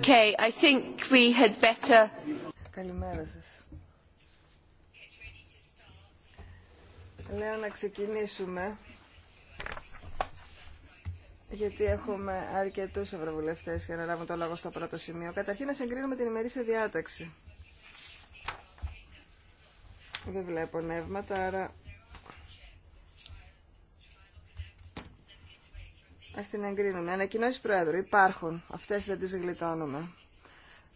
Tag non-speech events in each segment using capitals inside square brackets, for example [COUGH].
Καλημέρα σας. Λέω να ξεκινήσουμε, γιατί έχουμε αρκετούς ευρωβουλευτές για να λάβουν το λόγο στο πρώτο σημείο. Καταρχήν να συγκρίνουμε την ημερήσια διάταξη. Δεν βλέπω νεύματα, άρα Ας την εγκρίνουμε. Ανακοινώσει Πρόεδρου υπάρχουν. αυτέ δεν τι γλιτώνουμε.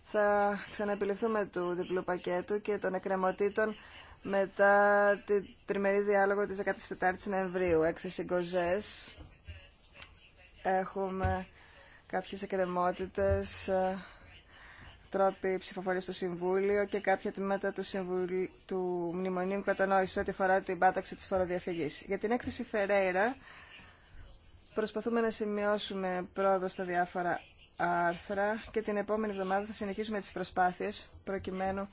Θα ξαναεπιληφθούμε του διπλού πακέτου και των εκκρεμωτήτων μετά την τριμερή διάλογο τη 14 η Νοεμβρίου. Έκθεση γκοζέ. Έχουμε κάποιε εκκρεμότητε, τρόποι ψηφοφορία στο Συμβούλιο και κάποια τμήματα του, συμβουλ... του Μνημονίου Κατανόηση ό,τι αφορά την πάταξη τη φοροδιαφυγή. Για την έκθεση Φερέιρα Προσπαθούμε να σημειώσουμε πρόοδο στα διάφορα άρθρα και την επόμενη εβδομάδα θα συνεχίσουμε τις προσπάθειες προκειμένου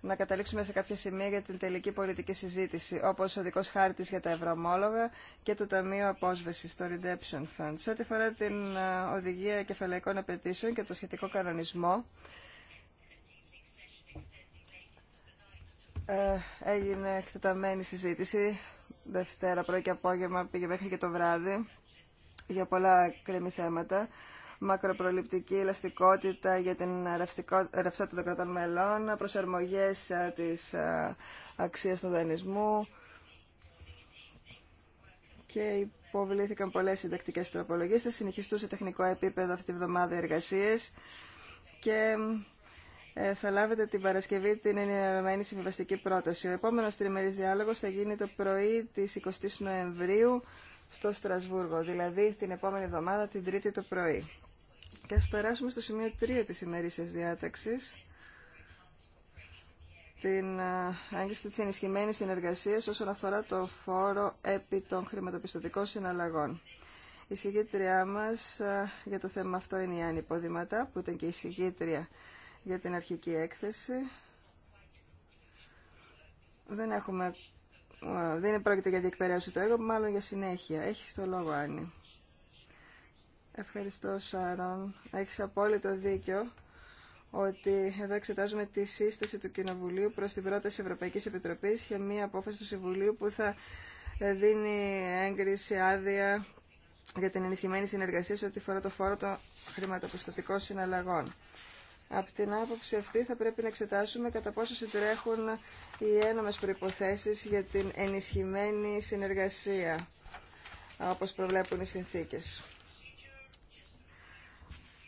να καταλήξουμε σε κάποια σημεία για την τελική πολιτική συζήτηση, όπως ο δικός χάρτης για τα ευρωομόλογα και το Ταμείο Απόσβεσης, το Redemption Fund. Σε ό,τι αφορά την οδηγία κεφαλαϊκών απαιτήσεων και το σχετικό κανονισμό, ε, έγινε εκτεταμένη συζήτηση. Δευτέρα, πρώτη και απόγευμα πήγε μέχρι και το βράδυ για πολλά κρεμή θέματα. Μακροπροληπτική ελαστικότητα για την ρευστότητα των κρατών μελών, προσαρμογέ ε, της ε, αξίας του δανεισμού και υποβλήθηκαν πολλές συντακτικέ τροπολογίες. Θα συνεχιστούν σε τεχνικό επίπεδο αυτή τη βδομάδα εργασίες και ε, θα λάβετε την Παρασκευή την ενημερωμένη συμβιβαστική πρόταση. Ο επόμενος τριμερής διάλογος θα γίνει το πρωί της 20 Νοεμβρίου στο Στρασβούργο, δηλαδή την επόμενη εβδομάδα, την Τρίτη το πρωί. Και ας περάσουμε στο σημείο 3 της ημερήσιας διάταξης, την άγγιση της ενισχυμένης συνεργασίας όσον αφορά το φόρο επί των χρηματοπιστωτικών συναλλαγών. Η συγγήτριά μας για το θέμα αυτό είναι η Άννη Ποδήματα, που ήταν και η συγγήτρια για την αρχική έκθεση. Δεν έχουμε δεν πρόκειται για διεκπαιρέωση του έργου, μάλλον για συνέχεια. Έχει το λόγο, Άννη. Ευχαριστώ, Σάρων. Έχει απόλυτο δίκιο ότι εδώ εξετάζουμε τη σύσταση του Κοινοβουλίου προς την πρόταση ευρωπαϊκή Επιτροπής για μία απόφαση του Συμβουλίου που θα ε, δίνει έγκριση άδεια για την ενισχυμένη συνεργασία σε ό,τι φορά το φόρο των χρηματοπιστωτικών συναλλαγών. Από την άποψη αυτή θα πρέπει να εξετάσουμε κατά πόσο συντρέχουν οι ένομες προϋποθέσεις για την ενισχυμένη συνεργασία, όπως προβλέπουν οι συνθήκες.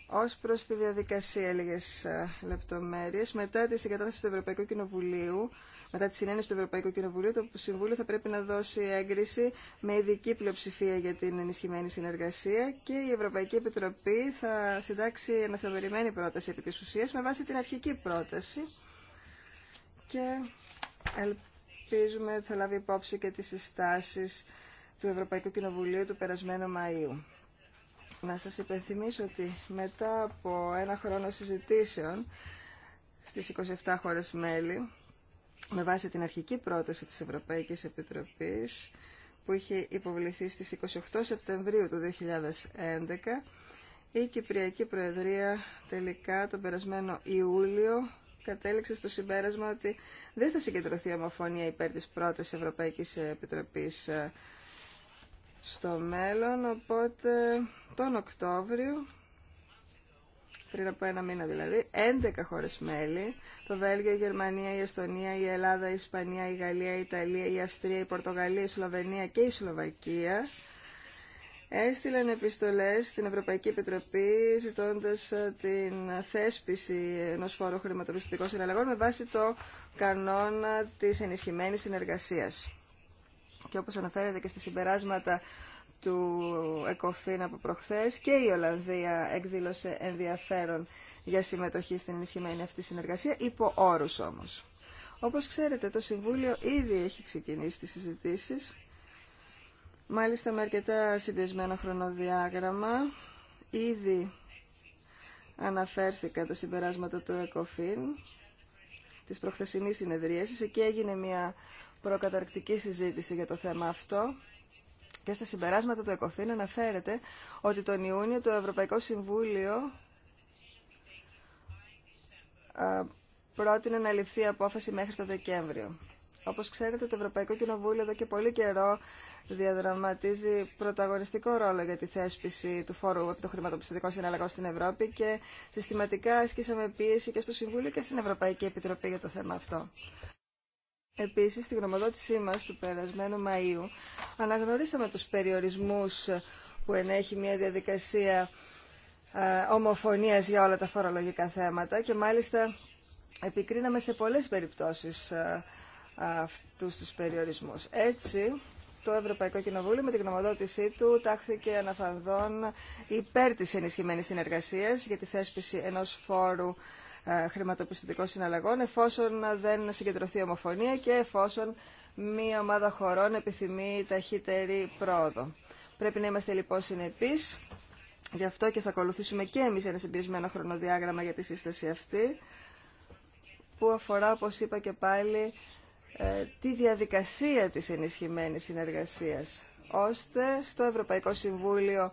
Ως προς τη διαδικασία λίγες ε, λεπτομέρειες, μετά τη συγκατάθεση του Ευρωπαϊκού Κοινοβουλίου, μετά τη συνένεση του Ευρωπαϊκού Κοινοβουλίου, το Συμβούλιο θα πρέπει να δώσει έγκριση με ειδική πλειοψηφία για την ενισχυμένη συνεργασία και η Ευρωπαϊκή Επιτροπή θα συντάξει αναθεωρημένη πρόταση επί της ουσίας με βάση την αρχική πρόταση και ελπίζουμε θα λάβει υπόψη και τις συστάσεις του Ευρωπαϊκού Κοινοβουλίου του περασμένου Μαΐου. Να σας υπενθυμίσω ότι μετά από ένα χρόνο συζητήσεων στις 27 χώρες μέλη με βάση την αρχική πρόταση της Ευρωπαϊκής Επιτροπής που είχε υποβληθεί στις 28 Σεπτεμβρίου του 2011 η Κυπριακή Προεδρία τελικά τον περασμένο Ιούλιο κατέληξε στο συμπέρασμα ότι δεν θα συγκεντρωθεί ομοφωνία υπέρ της πρώτης Ευρωπαϊκής Επιτροπής ε, στο μέλλον, οπότε τον Οκτώβριο πριν από ένα μήνα δηλαδή, 11 χώρε μέλη, το Βέλγιο, η Γερμανία, η Εστονία, η Ελλάδα, η Ισπανία, η Γαλλία, η Ιταλία, η Αυστρία, η Πορτογαλία, η Σλοβενία και η Σλοβακία, έστειλαν επιστολές στην Ευρωπαϊκή Επιτροπή ζητώντας ε, την θέσπιση ενός φόρου χρηματοπιστωτικών συναλλαγών με βάση το κανόνα της ενισχυμένης συνεργασίας. Και όπως αναφέρεται και στα συμπεράσματα του ΕΚΟΦΗΝ από προχθές και η Ολλανδία εκδήλωσε ενδιαφέρον για συμμετοχή στην ενισχυμένη αυτή συνεργασία, υπό όρους όμως. Όπως ξέρετε, το Συμβούλιο ήδη έχει ξεκινήσει τις συζητήσεις, μάλιστα με αρκετά συμπιεσμένο χρονοδιάγραμμα. Ήδη αναφέρθηκαν τα συμπεράσματα του ΕΚΟΦΗΝ, της προχθεσινής συνεδρίασης. Εκεί έγινε μια προκαταρκτική συζήτηση για το θέμα αυτό και στα συμπεράσματα του ΕΚΟΦΗΝ αναφέρεται ότι τον Ιούνιο το Ευρωπαϊκό Συμβούλιο πρότεινε να ληφθεί απόφαση μέχρι το Δεκέμβριο. Όπως ξέρετε, το Ευρωπαϊκό Κοινοβούλιο εδώ και πολύ καιρό διαδραματίζει πρωταγωνιστικό ρόλο για τη θέσπιση του φόρου από το χρηματοπιστωτικό συναλλαγό στην Ευρώπη και συστηματικά ασκήσαμε πίεση και στο Συμβούλιο και στην Ευρωπαϊκή Επιτροπή για το θέμα αυτό. Επίσης, στη γνωμοδότησή μας του περασμένου Μαΐου αναγνωρίσαμε τους περιορισμούς που ενέχει μια διαδικασία ομοφωνίας για όλα τα φορολογικά θέματα και μάλιστα επικρίναμε σε πολλές περιπτώσεις αυτούς τους περιορισμούς. Έτσι, το Ευρωπαϊκό Κοινοβούλιο με την γνωμοδότησή του τάχθηκε αναφανδόν υπέρ της ενισχυμένης συνεργασίας για τη θέσπιση ενός φόρου ε, χρηματοπιστωτικών συναλλαγών εφόσον δεν συγκεντρωθεί ομοφωνία και εφόσον μία ομάδα χωρών επιθυμεί ταχύτερη πρόοδο. Πρέπει να είμαστε λοιπόν συνεπείς, γι' αυτό και θα ακολουθήσουμε και εμείς ένα συμπλησμένο χρονοδιάγραμμα για τη σύσταση αυτή, που αφορά, όπως είπα και πάλι, ε, τη διαδικασία της ενισχυμένης συνεργασίας, ώστε στο Ευρωπαϊκό Συμβούλιο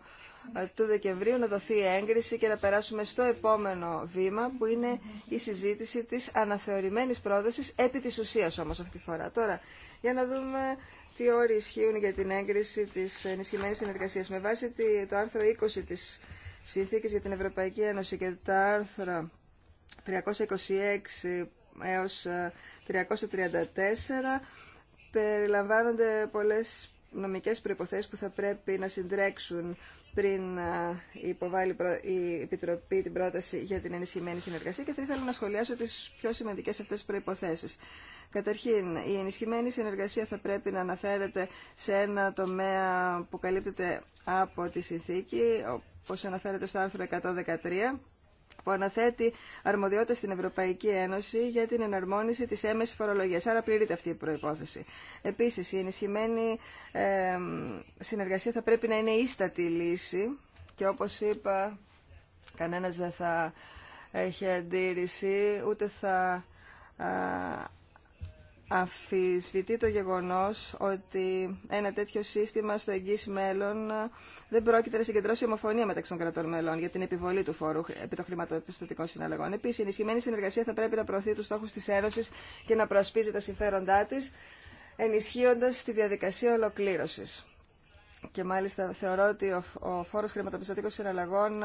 ε, του Δεκεμβρίου να δοθεί έγκριση και να περάσουμε στο επόμενο βήμα που είναι η συζήτηση της αναθεωρημένης πρότασης επί της ουσίας όμως αυτή τη φορά. Τώρα, για να δούμε τι όροι ισχύουν για την έγκριση της ενισχυμένης συνεργασίας. Με βάση το άρθρο 20 της Συνθήκης για την Ευρωπαϊκή Ένωση και τα άρθρα 326 έως 334 ε, περιλαμβάνονται πολλές νομικές προϋποθέσεις που θα πρέπει να συντρέξουν πριν υποβάλει η Επιτροπή την πρόταση για την ενισχυμένη συνεργασία και θα ήθελα να σχολιάσω τις πιο σημαντικές αυτές προϋποθέσεις. Καταρχήν, η ενισχυμένη συνεργασία θα πρέπει να αναφέρεται σε ένα τομέα που καλύπτεται από τη συνθήκη, όπως αναφέρεται στο άρθρο 113, που αναθέτει αρμοδιότητα στην Ευρωπαϊκή Ένωση για την εναρμόνιση τη έμεση φορολογία. Άρα πληρείται αυτή η προπόθεση. Επίση, η ενισχυμένη ε, συνεργασία θα πρέπει να είναι ίστατη λύση και όπω είπα, κανένα δεν θα έχει αντίρρηση, ούτε θα αφισβητεί το γεγονός ότι ένα τέτοιο σύστημα στο εγγύς μέλλον δεν πρόκειται να συγκεντρώσει ομοφωνία μεταξύ των κρατών μελών για την επιβολή του φόρου επί των χρηματοπιστωτικών συναλλαγών. Επίσης, η ενισχυμένη συνεργασία θα πρέπει να προωθεί τους στόχους της Ένωσης και να προασπίζει τα συμφέροντά της, ενισχύοντας τη διαδικασία ολοκλήρωσης. Και μάλιστα θεωρώ ότι ο φόρος χρηματοπιστωτικών συναλλαγών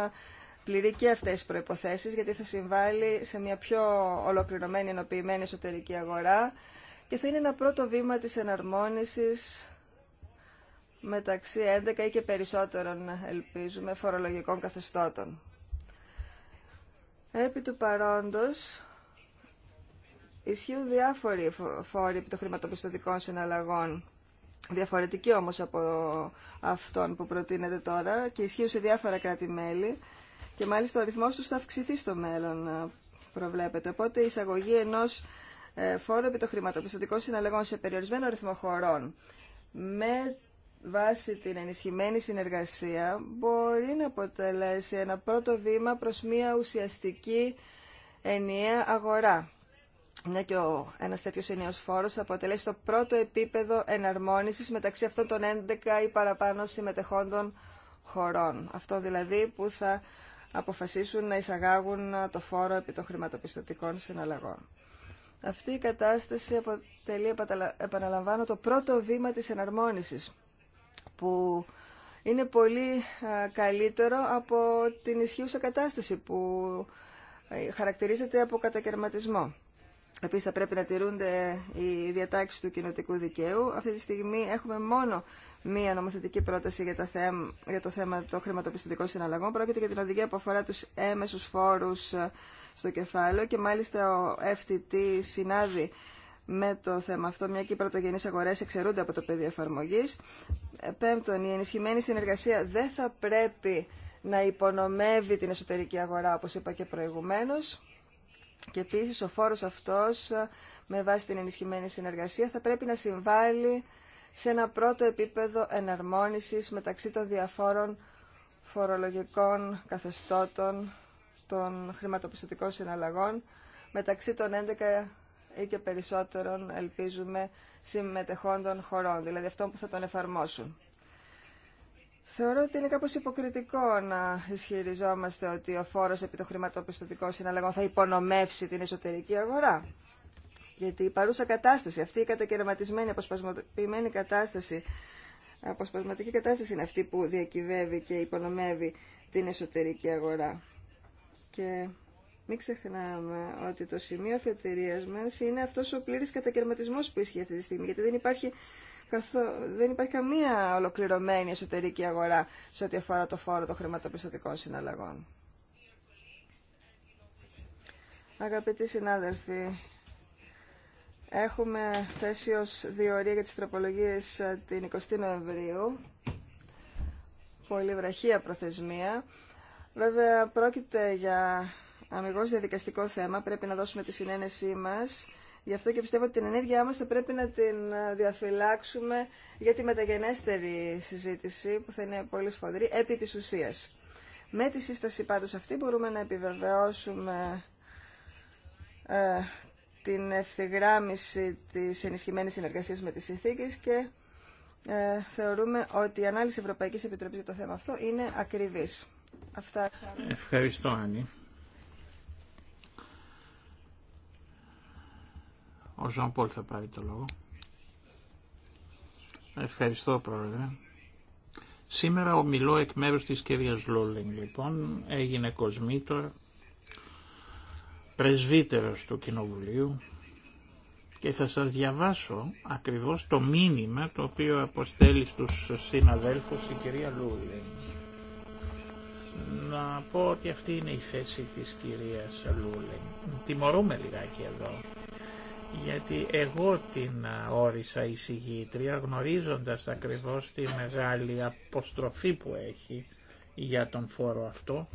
πληρεί και αυτέ τι προποθέσει, γιατί θα συμβάλλει σε μια πιο ολοκληρωμένη, ενοποιημένη εσωτερική αγορά, και θα είναι ένα πρώτο βήμα της εναρμόνισης μεταξύ 11 ή και περισσότερων, ελπίζουμε, φορολογικών καθεστώτων. Επί του παρόντος, ισχύουν διάφοροι φόροι επί των χρηματοπιστωτικών συναλλαγών, διαφορετικοί όμως από αυτόν που προτείνεται τώρα και ισχύουν σε διάφορα κράτη-μέλη και μάλιστα ο ρυθμός τους θα αυξηθεί στο μέλλον, προβλέπετε. Οπότε η εισαγωγή ενός ε, φόρο επί των χρηματοπιστωτικών συναλλαγών σε περιορισμένο ρυθμό χωρών με βάση την ενισχυμένη συνεργασία μπορεί να αποτελέσει ένα πρώτο βήμα προς μια ουσιαστική ενιαία αγορά. Μια και ο, ένας τέτοιος ενιαίος φόρος θα αποτελέσει το πρώτο επίπεδο εναρμόνισης μεταξύ αυτών των 11 ή παραπάνω συμμετεχόντων χωρών. Αυτό δηλαδή που θα αποφασίσουν να εισαγάγουν το φόρο επί των χρηματοπιστωτικών συναλλαγών. Αυτή η κατάσταση αποτελεί, επαναλαμβάνω, το πρώτο βήμα της εναρμόνισης που είναι πολύ ε, καλύτερο από την ισχύουσα κατάσταση που ε, χαρακτηρίζεται από κατακαιρματισμό. Επίσης θα πρέπει να τηρούνται οι διατάξεις του κοινοτικού δικαίου. Αυτή τη στιγμή έχουμε μόνο μία νομοθετική πρόταση για, τα για το θέμα των χρηματοπιστωτικών συναλλαγών. Πρόκειται για την οδηγία που αφορά τους έμεσους φόρους ε, στο κεφάλαιο και μάλιστα ο FTT συνάδει με το θέμα αυτό, μια και οι πρωτογενεί αγορέ εξαιρούνται από το πεδίο εφαρμογή. Ε, πέμπτον, η ενισχυμένη συνεργασία δεν θα πρέπει να υπονομεύει την εσωτερική αγορά, όπω είπα και προηγουμένω. Και επίση, ο φόρος αυτός ε, με βάση την ενισχυμένη συνεργασία θα πρέπει να συμβάλλει σε ένα πρώτο επίπεδο εναρμόνισης μεταξύ των διαφόρων φορολογικών καθεστώτων των χρηματοπιστωτικών συναλλαγών μεταξύ των 11 ή και περισσότερων, ελπίζουμε, συμμετεχόντων χωρών, δηλαδή αυτών που θα τον εφαρμόσουν. Θεωρώ ότι είναι κάπως υποκριτικό να ισχυριζόμαστε ότι ο φόρος επί το χρηματοπιστωτικό συναλλαγών θα υπονομεύσει την εσωτερική αγορά. Γιατί η παρούσα κατάσταση, αυτή η κατακαιρματισμένη, αποσπασματοποιημένη κατάσταση, αποσπασματική κατάσταση είναι αυτή που διακυβεύει και υπονομεύει την εσωτερική αγορά. Και μην ξεχνάμε ότι το σημείο αφιωτηρίας μας είναι αυτός ο πλήρης κατακαιρματισμός που ισχύει αυτή τη στιγμή, γιατί δεν υπάρχει καθο... δεν υπάρχει καμία ολοκληρωμένη εσωτερική αγορά σε ό,τι αφορά το φόρο των χρηματοπιστωτικών συναλλαγών. Αγαπητοί συνάδελφοι, έχουμε θέσει ως διορία για τις τροπολογίες ε, την 20 Νοεμβρίου, πολύ βραχία προθεσμία. Βέβαια, πρόκειται για αμυγός διαδικαστικό θέμα, πρέπει να δώσουμε τη συνένεσή μας Γι' αυτό και πιστεύω ότι την ενέργειά μας θα πρέπει να την ε, διαφυλάξουμε για τη μεταγενέστερη συζήτηση που θα είναι πολύ σφοδρή επί της ουσίας. Με τη σύσταση πάντως αυτή μπορούμε να επιβεβαιώσουμε ε, την ευθυγράμμιση της ενισχυμένης συνεργασίας με τις συνθήκε και ε, θεωρούμε ότι η ανάλυση Ευρωπαϊκής Επιτροπής για το θέμα αυτό είναι ακριβής. Αυτά. Ευχαριστώ, Άννη. Ο Ζαν Πολ θα πάρει το λόγο. Ευχαριστώ πρόεδρε. Σήμερα ομιλώ εκ μέρους της κυρίας Λούλεν λοιπόν, έγινε κοσμήτωρ, πρεσβύτερος του Κοινοβουλίου και θα σας διαβάσω ακριβώς το μήνυμα το οποίο αποστέλει στους συναδέλφους η κυρία Λούλινγκ. Να πω ότι αυτή είναι η θέση της κυρίας Λούλεν Τιμωρούμε λιγάκι εδώ γιατί εγώ την όρισα εισηγήτρια γνωρίζοντας ακριβώς τη μεγάλη αποστροφή που έχει για τον φόρο αυτό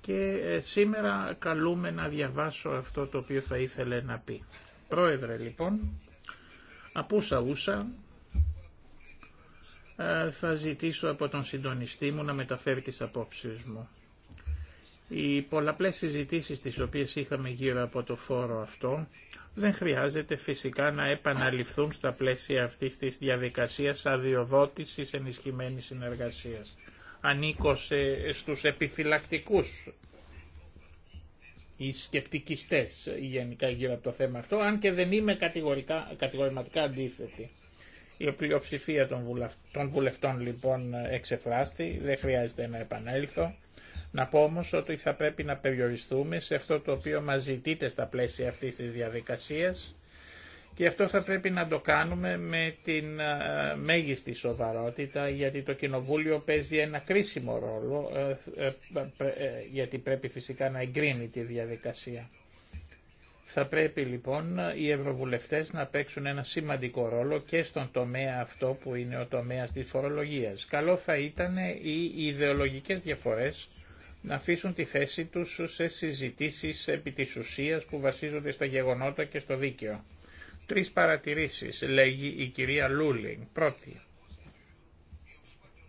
και ε, σήμερα καλούμε να διαβάσω αυτό το οποίο θα ήθελε να πει. Πρόεδρε λοιπόν, απούσα ούσα ε, θα ζητήσω από τον συντονιστή μου να μεταφέρει τις απόψεις μου. Οι πολλαπλές συζητήσεις τις οποίες είχαμε γύρω από το φόρο αυτό δεν χρειάζεται φυσικά να επαναληφθούν στα πλαίσια αυτής της διαδικασίας αδειοδότησης ενισχυμένης συνεργασίας. Ανήκω σε, στους επιφυλακτικούς οι σκεπτικιστές γενικά γύρω από το θέμα αυτό, αν και δεν είμαι κατηγορηματικά αντίθετη. Η πλειοψηφία των βουλευτών λοιπόν εξεφράστη, δεν χρειάζεται να επανέλθω. Να πω όμω ότι θα πρέπει να περιοριστούμε σε αυτό το οποίο μα ζητείτε στα πλαίσια αυτής της διαδικασίας και αυτό θα πρέπει να το κάνουμε με την ε, μέγιστη σοβαρότητα γιατί το Κοινοβούλιο παίζει ένα κρίσιμο ρόλο ε, ε, γιατί πρέπει φυσικά να εγκρίνει τη διαδικασία. Θα πρέπει λοιπόν οι ευρωβουλευτές να παίξουν ένα σημαντικό ρόλο και στον τομέα αυτό που είναι ο τομέας τη φορολογίας. Καλό θα ήταν οι ιδεολογικές διαφορές να αφήσουν τη θέση τους σε συζητήσεις επί της ουσίας που βασίζονται στα γεγονότα και στο δίκαιο. Τρεις παρατηρήσεις, λέγει η κυρία Λούλινγκ. Πρώτη.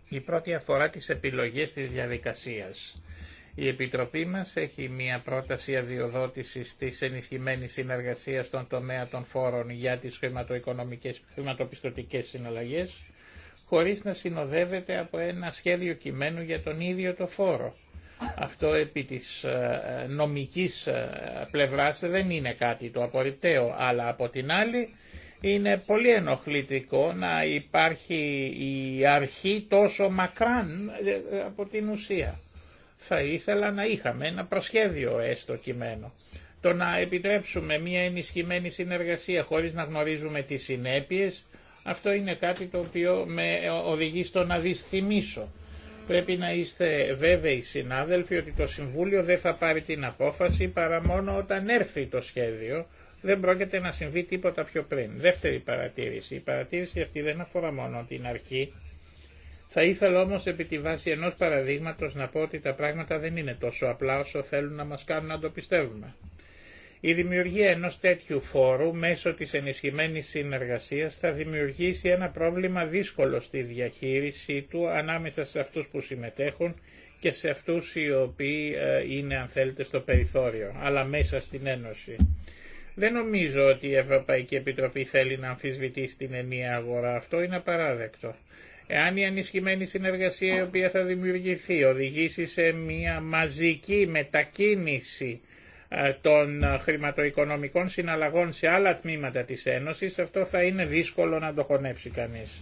Η πρώτη αφορά τις επιλογές της διαδικασίας. Η Επιτροπή μας έχει μία πρόταση αδειοδότησης της ενισχυμένης συνεργασίας στον τομέα των φόρων για τις χρηματοοικονομικές, χρηματοπιστωτικές συναλλαγές, χωρίς να συνοδεύεται από ένα σχέδιο κειμένου για τον ίδιο το φόρο. Αυτό επί της ε, νομικής ε, πλευράς δεν είναι κάτι το απορριπταίο, αλλά από την άλλη είναι πολύ ενοχλητικό να υπάρχει η αρχή τόσο μακράν ε, από την ουσία. Θα ήθελα να είχαμε ένα προσχέδιο έστω κειμένο. Το να επιτρέψουμε μια ενισχυμένη συνεργασία χωρίς να γνωρίζουμε τις συνέπειες, αυτό είναι κάτι το οποίο με οδηγεί στο να δυσθυμίσω Πρέπει να είστε βέβαιοι συνάδελφοι ότι το Συμβούλιο δεν θα πάρει την απόφαση παρά μόνο όταν έρθει το σχέδιο. Δεν πρόκειται να συμβεί τίποτα πιο πριν. Δεύτερη παρατήρηση. Η παρατήρηση αυτή δεν αφορά μόνο την αρχή. Θα ήθελα όμως επί τη βάση ενός παραδείγματος να πω ότι τα πράγματα δεν είναι τόσο απλά όσο θέλουν να μας κάνουν να το πιστεύουμε. Η δημιουργία ενός τέτοιου φόρου μέσω της ενισχυμένης συνεργασίας θα δημιουργήσει ένα πρόβλημα δύσκολο στη διαχείρισή του ανάμεσα σε αυτούς που συμμετέχουν και σε αυτούς οι οποίοι ε, είναι αν θέλετε στο περιθώριο, αλλά μέσα στην Ένωση. Δεν νομίζω ότι η Ευρωπαϊκή Επιτροπή θέλει να αμφισβητήσει την ενία αγορά. Αυτό είναι απαράδεκτο. Εάν η ενισχυμένη συνεργασία η οποία θα δημιουργηθεί οδηγήσει σε μια μαζική μετακίνηση ε, των ε, χρηματοοικονομικών συναλλαγών σε άλλα τμήματα της Ένωσης, αυτό θα είναι δύσκολο να το χωνέψει κανείς.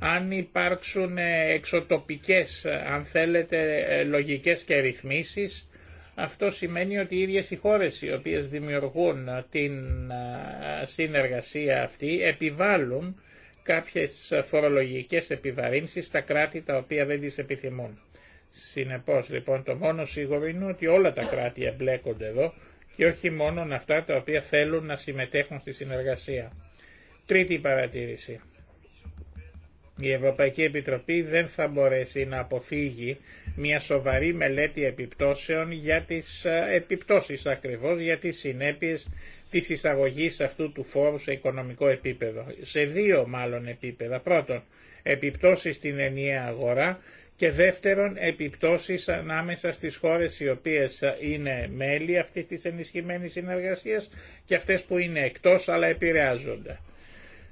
Αν υπάρξουν ε, εξωτοπικές, αν θέλετε, λογικές και ρυθμίσεις, αυτό σημαίνει ότι οι ίδιες οι χώρες οι οποίες δημιουργούν την συνεργασία αυτή επιβάλλουν κάποιες φορολογικές επιβαρύνσεις στα κράτη τα οποία δεν τις επιθυμούν. Συνεπώς λοιπόν το μόνο σίγουρο είναι ότι όλα τα κράτη εμπλέκονται εδώ και όχι μόνο αυτά τα οποία θέλουν να συμμετέχουν στη συνεργασία. Τρίτη παρατήρηση. Η Ευρωπαϊκή Επιτροπή δεν θα μπορέσει να αποφύγει μια σοβαρή μελέτη επιπτώσεων για τις ε, επιπτώσεις ακριβώς, για τις συνέπειες της εισαγωγής αυτού του φόρου σε οικονομικό επίπεδο. Σε δύο μάλλον επίπεδα. Πρώτον, επιπτώσεις στην ενιαία αγορά και δεύτερον επιπτώσεις ανάμεσα στις χώρες οι οποίες είναι μέλη αυτής της ενισχυμένης συνεργασίας και αυτές που είναι εκτός αλλά επηρεάζονται.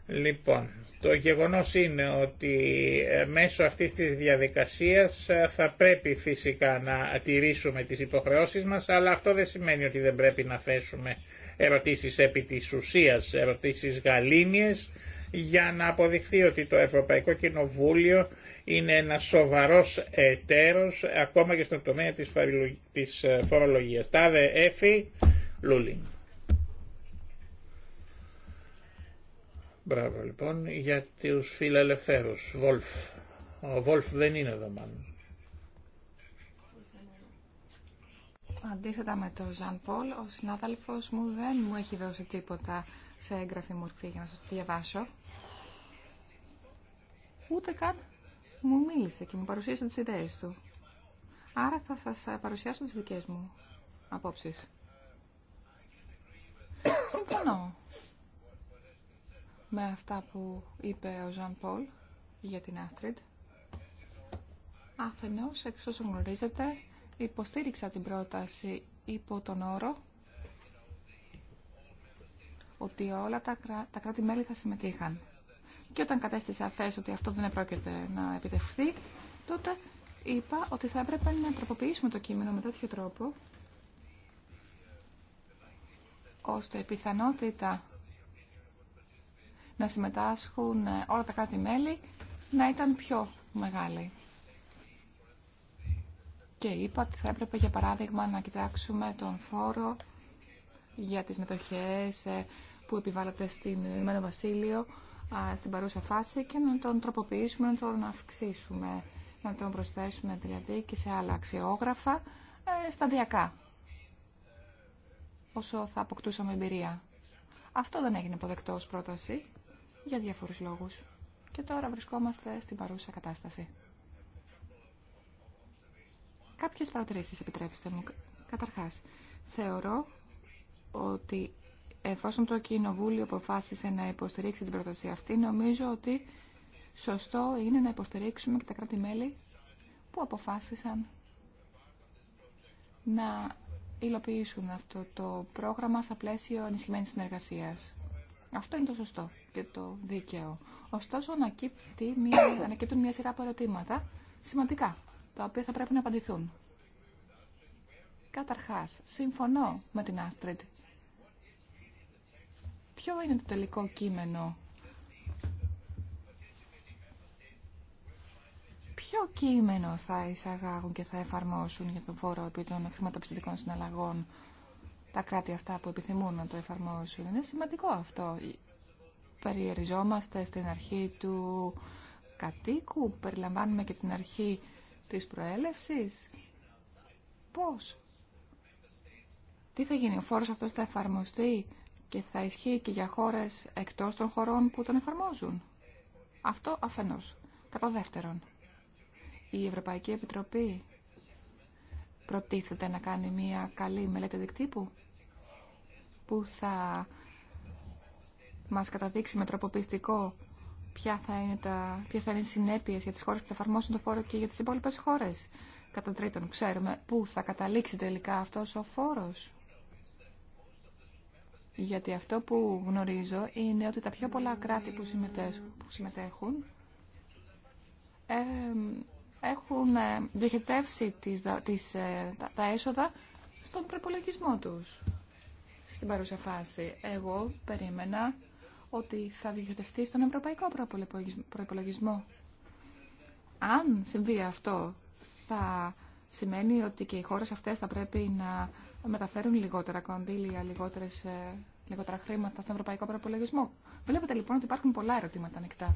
Λοιπόν, το γεγονός είναι ότι ε, μέσω αυτής της διαδικασίας ε, θα πρέπει φυσικά να τηρήσουμε τις υποχρεώσεις μας, αλλά αυτό δεν σημαίνει ότι δεν πρέπει να θέσουμε ερωτήσεις επί της ουσίας, ερωτήσεις γαλήνιες, για να αποδειχθεί ότι το Ευρωπαϊκό Κοινοβούλιο είναι ένα σοβαρό εταίρο ακόμα και στον τομέα της, της ε, Τάδε Εφη Λούλιν. Μπράβο λοιπόν για του φιλελευθέρου. Βολφ. Ο Βολφ δεν είναι εδώ μάλλον. Αντίθετα με τον Ζαν Πολ, ο συνάδελφος μου δεν μου έχει δώσει τίποτα σε έγγραφη μορφή για να σα διαβάσω. Ούτε καν μου μίλησε και μου παρουσίασε τις ιδέες του. Άρα θα σας παρουσιάσω τις δικές μου απόψεις. Συμφωνώ με αυτά που είπε ο Ζαν Πολ για την Άστριντ. Αφενός, εξ όσων γνωρίζετε, υποστήριξα την πρόταση υπό τον όρο ότι όλα τα, κράτη-μέλη θα συμμετείχαν. Και όταν κατέστησε σαφέ ότι αυτό δεν πρόκειται να επιτευχθεί, τότε είπα ότι θα έπρεπε να τροποποιήσουμε το κείμενο με τέτοιο τρόπο, ώστε η πιθανότητα να συμμετάσχουν όλα τα κράτη-μέλη να ήταν πιο μεγάλη. Και είπα ότι θα έπρεπε για παράδειγμα να κοιτάξουμε τον φόρο για τις μετοχές ε, που επιβάλλονται στην Ηνωμένο Βασίλειο στην παρούσα φάση και να τον τροποποιήσουμε, να τον αυξήσουμε, να τον προσθέσουμε δηλαδή και σε άλλα αξιόγραφα ε, σταδιακά όσο θα αποκτούσαμε εμπειρία. Αυτό δεν έγινε αποδεκτό ως πρόταση για διάφορους λόγους. Και τώρα βρισκόμαστε στην παρούσα κατάσταση. Κάποιες παρατηρήσεις επιτρέψτε μου. Καταρχάς, θεωρώ ότι Εφόσον το Κοινοβούλιο αποφάσισε να υποστηρίξει την πρόταση αυτή, νομίζω ότι σωστό είναι να υποστηρίξουμε και τα κράτη-μέλη που αποφάσισαν να υλοποιήσουν αυτό το πρόγραμμα σε πλαίσιο ενισχυμένης συνεργασίας. Αυτό είναι το σωστό και το δίκαιο. Ωστόσο, ανακύπτουν μια σειρά από σημαντικά, τα οποία θα πρέπει να απαντηθούν. Καταρχάς, συμφωνώ με την Άστρετ Ποιο είναι το τελικό κείμενο. Ποιο κείμενο θα εισαγάγουν και θα εφαρμόσουν για τον φόρο επί των χρηματοπιστωτικών συναλλαγών τα κράτη αυτά που επιθυμούν να το εφαρμόσουν. Είναι σημαντικό αυτό. Περιεριζόμαστε στην αρχή του κατοίκου, περιλαμβάνουμε και την αρχή της προέλευσης. Πώς. Τι θα γίνει, ο φόρος αυτός θα εφαρμοστεί και θα ισχύει και για χώρες εκτός των χωρών που τον εφαρμόζουν. Αυτό αφενός. Κατά δεύτερον, η Ευρωπαϊκή Επιτροπή προτίθεται να κάνει μια καλή μελέτη δικτύπου που θα μας καταδείξει με τρόπο πιστικό ποια θα είναι τα, ποιες θα είναι οι συνέπειες για τις χώρες που θα εφαρμόσουν το φόρο και για τις υπόλοιπες χώρες. Κατά τρίτον, ξέρουμε πού θα καταλήξει τελικά αυτός ο φόρος. Γιατί αυτό που γνωρίζω είναι ότι τα πιο πολλά κράτη που συμμετέχουν, έχουν ε, διοχετεύσει ε, τα έσοδα στον προπολογισμό τους στην παρούσα Εγώ περίμενα ότι θα διοχετευτεί στον ευρωπαϊκό προπολογισμό. Αν συμβεί αυτό, θα σημαίνει ότι και οι χώρες αυτές θα πρέπει να μεταφέρουν λιγότερα κονδύλια, λιγότερες, ε, λιγότερα χρήματα στον ευρωπαϊκό προπολογισμό. Βλέπετε λοιπόν ότι υπάρχουν πολλά ερωτήματα ανοιχτά.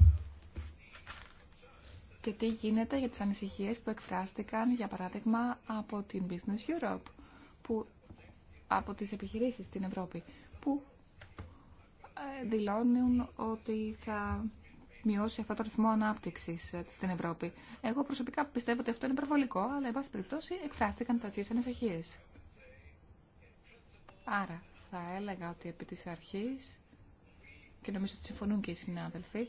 Και τι γίνεται για τις ανησυχίες που εκφράστηκαν, για παράδειγμα, από την Business Europe, που, από τις επιχειρήσεις στην Ευρώπη, που ε, δηλώνουν ότι θα μειώσει αυτό το ρυθμό ανάπτυξη ε, στην Ευρώπη. Εγώ προσωπικά πιστεύω ότι αυτό είναι υπερβολικό, αλλά εν πάση περιπτώσει εκφράστηκαν τέτοιε ανησυχίε. Άρα θα έλεγα ότι επί της αρχής, και νομίζω ότι συμφωνούν και οι συνάδελφοι,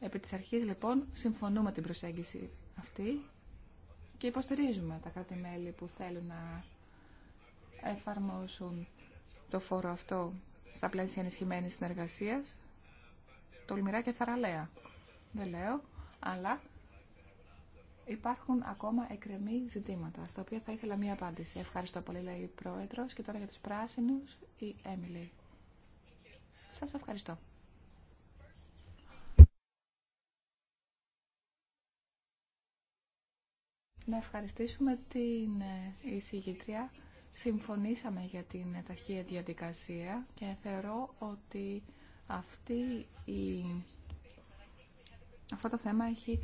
επί της αρχής λοιπόν συμφωνούμε την προσέγγιση αυτή και υποστηρίζουμε τα κράτη-μέλη που θέλουν να εφαρμόσουν το φόρο αυτό στα πλαίσια ενισχυμένη συνεργασία, τολμηρά και θαραλέα. Δεν λέω, αλλά υπάρχουν ακόμα εκρεμή ζητήματα, στα οποία θα ήθελα μία απάντηση. Ευχαριστώ πολύ, λέει η Πρόεδρο. Και τώρα για τους πράσινους, η Έμιλη. Σας ευχαριστώ. Να ευχαριστήσουμε την ε, εισηγήτρια. Συμφωνήσαμε για την ε, ταχεία διαδικασία και θεωρώ ότι αυτή η... αυτό το θέμα έχει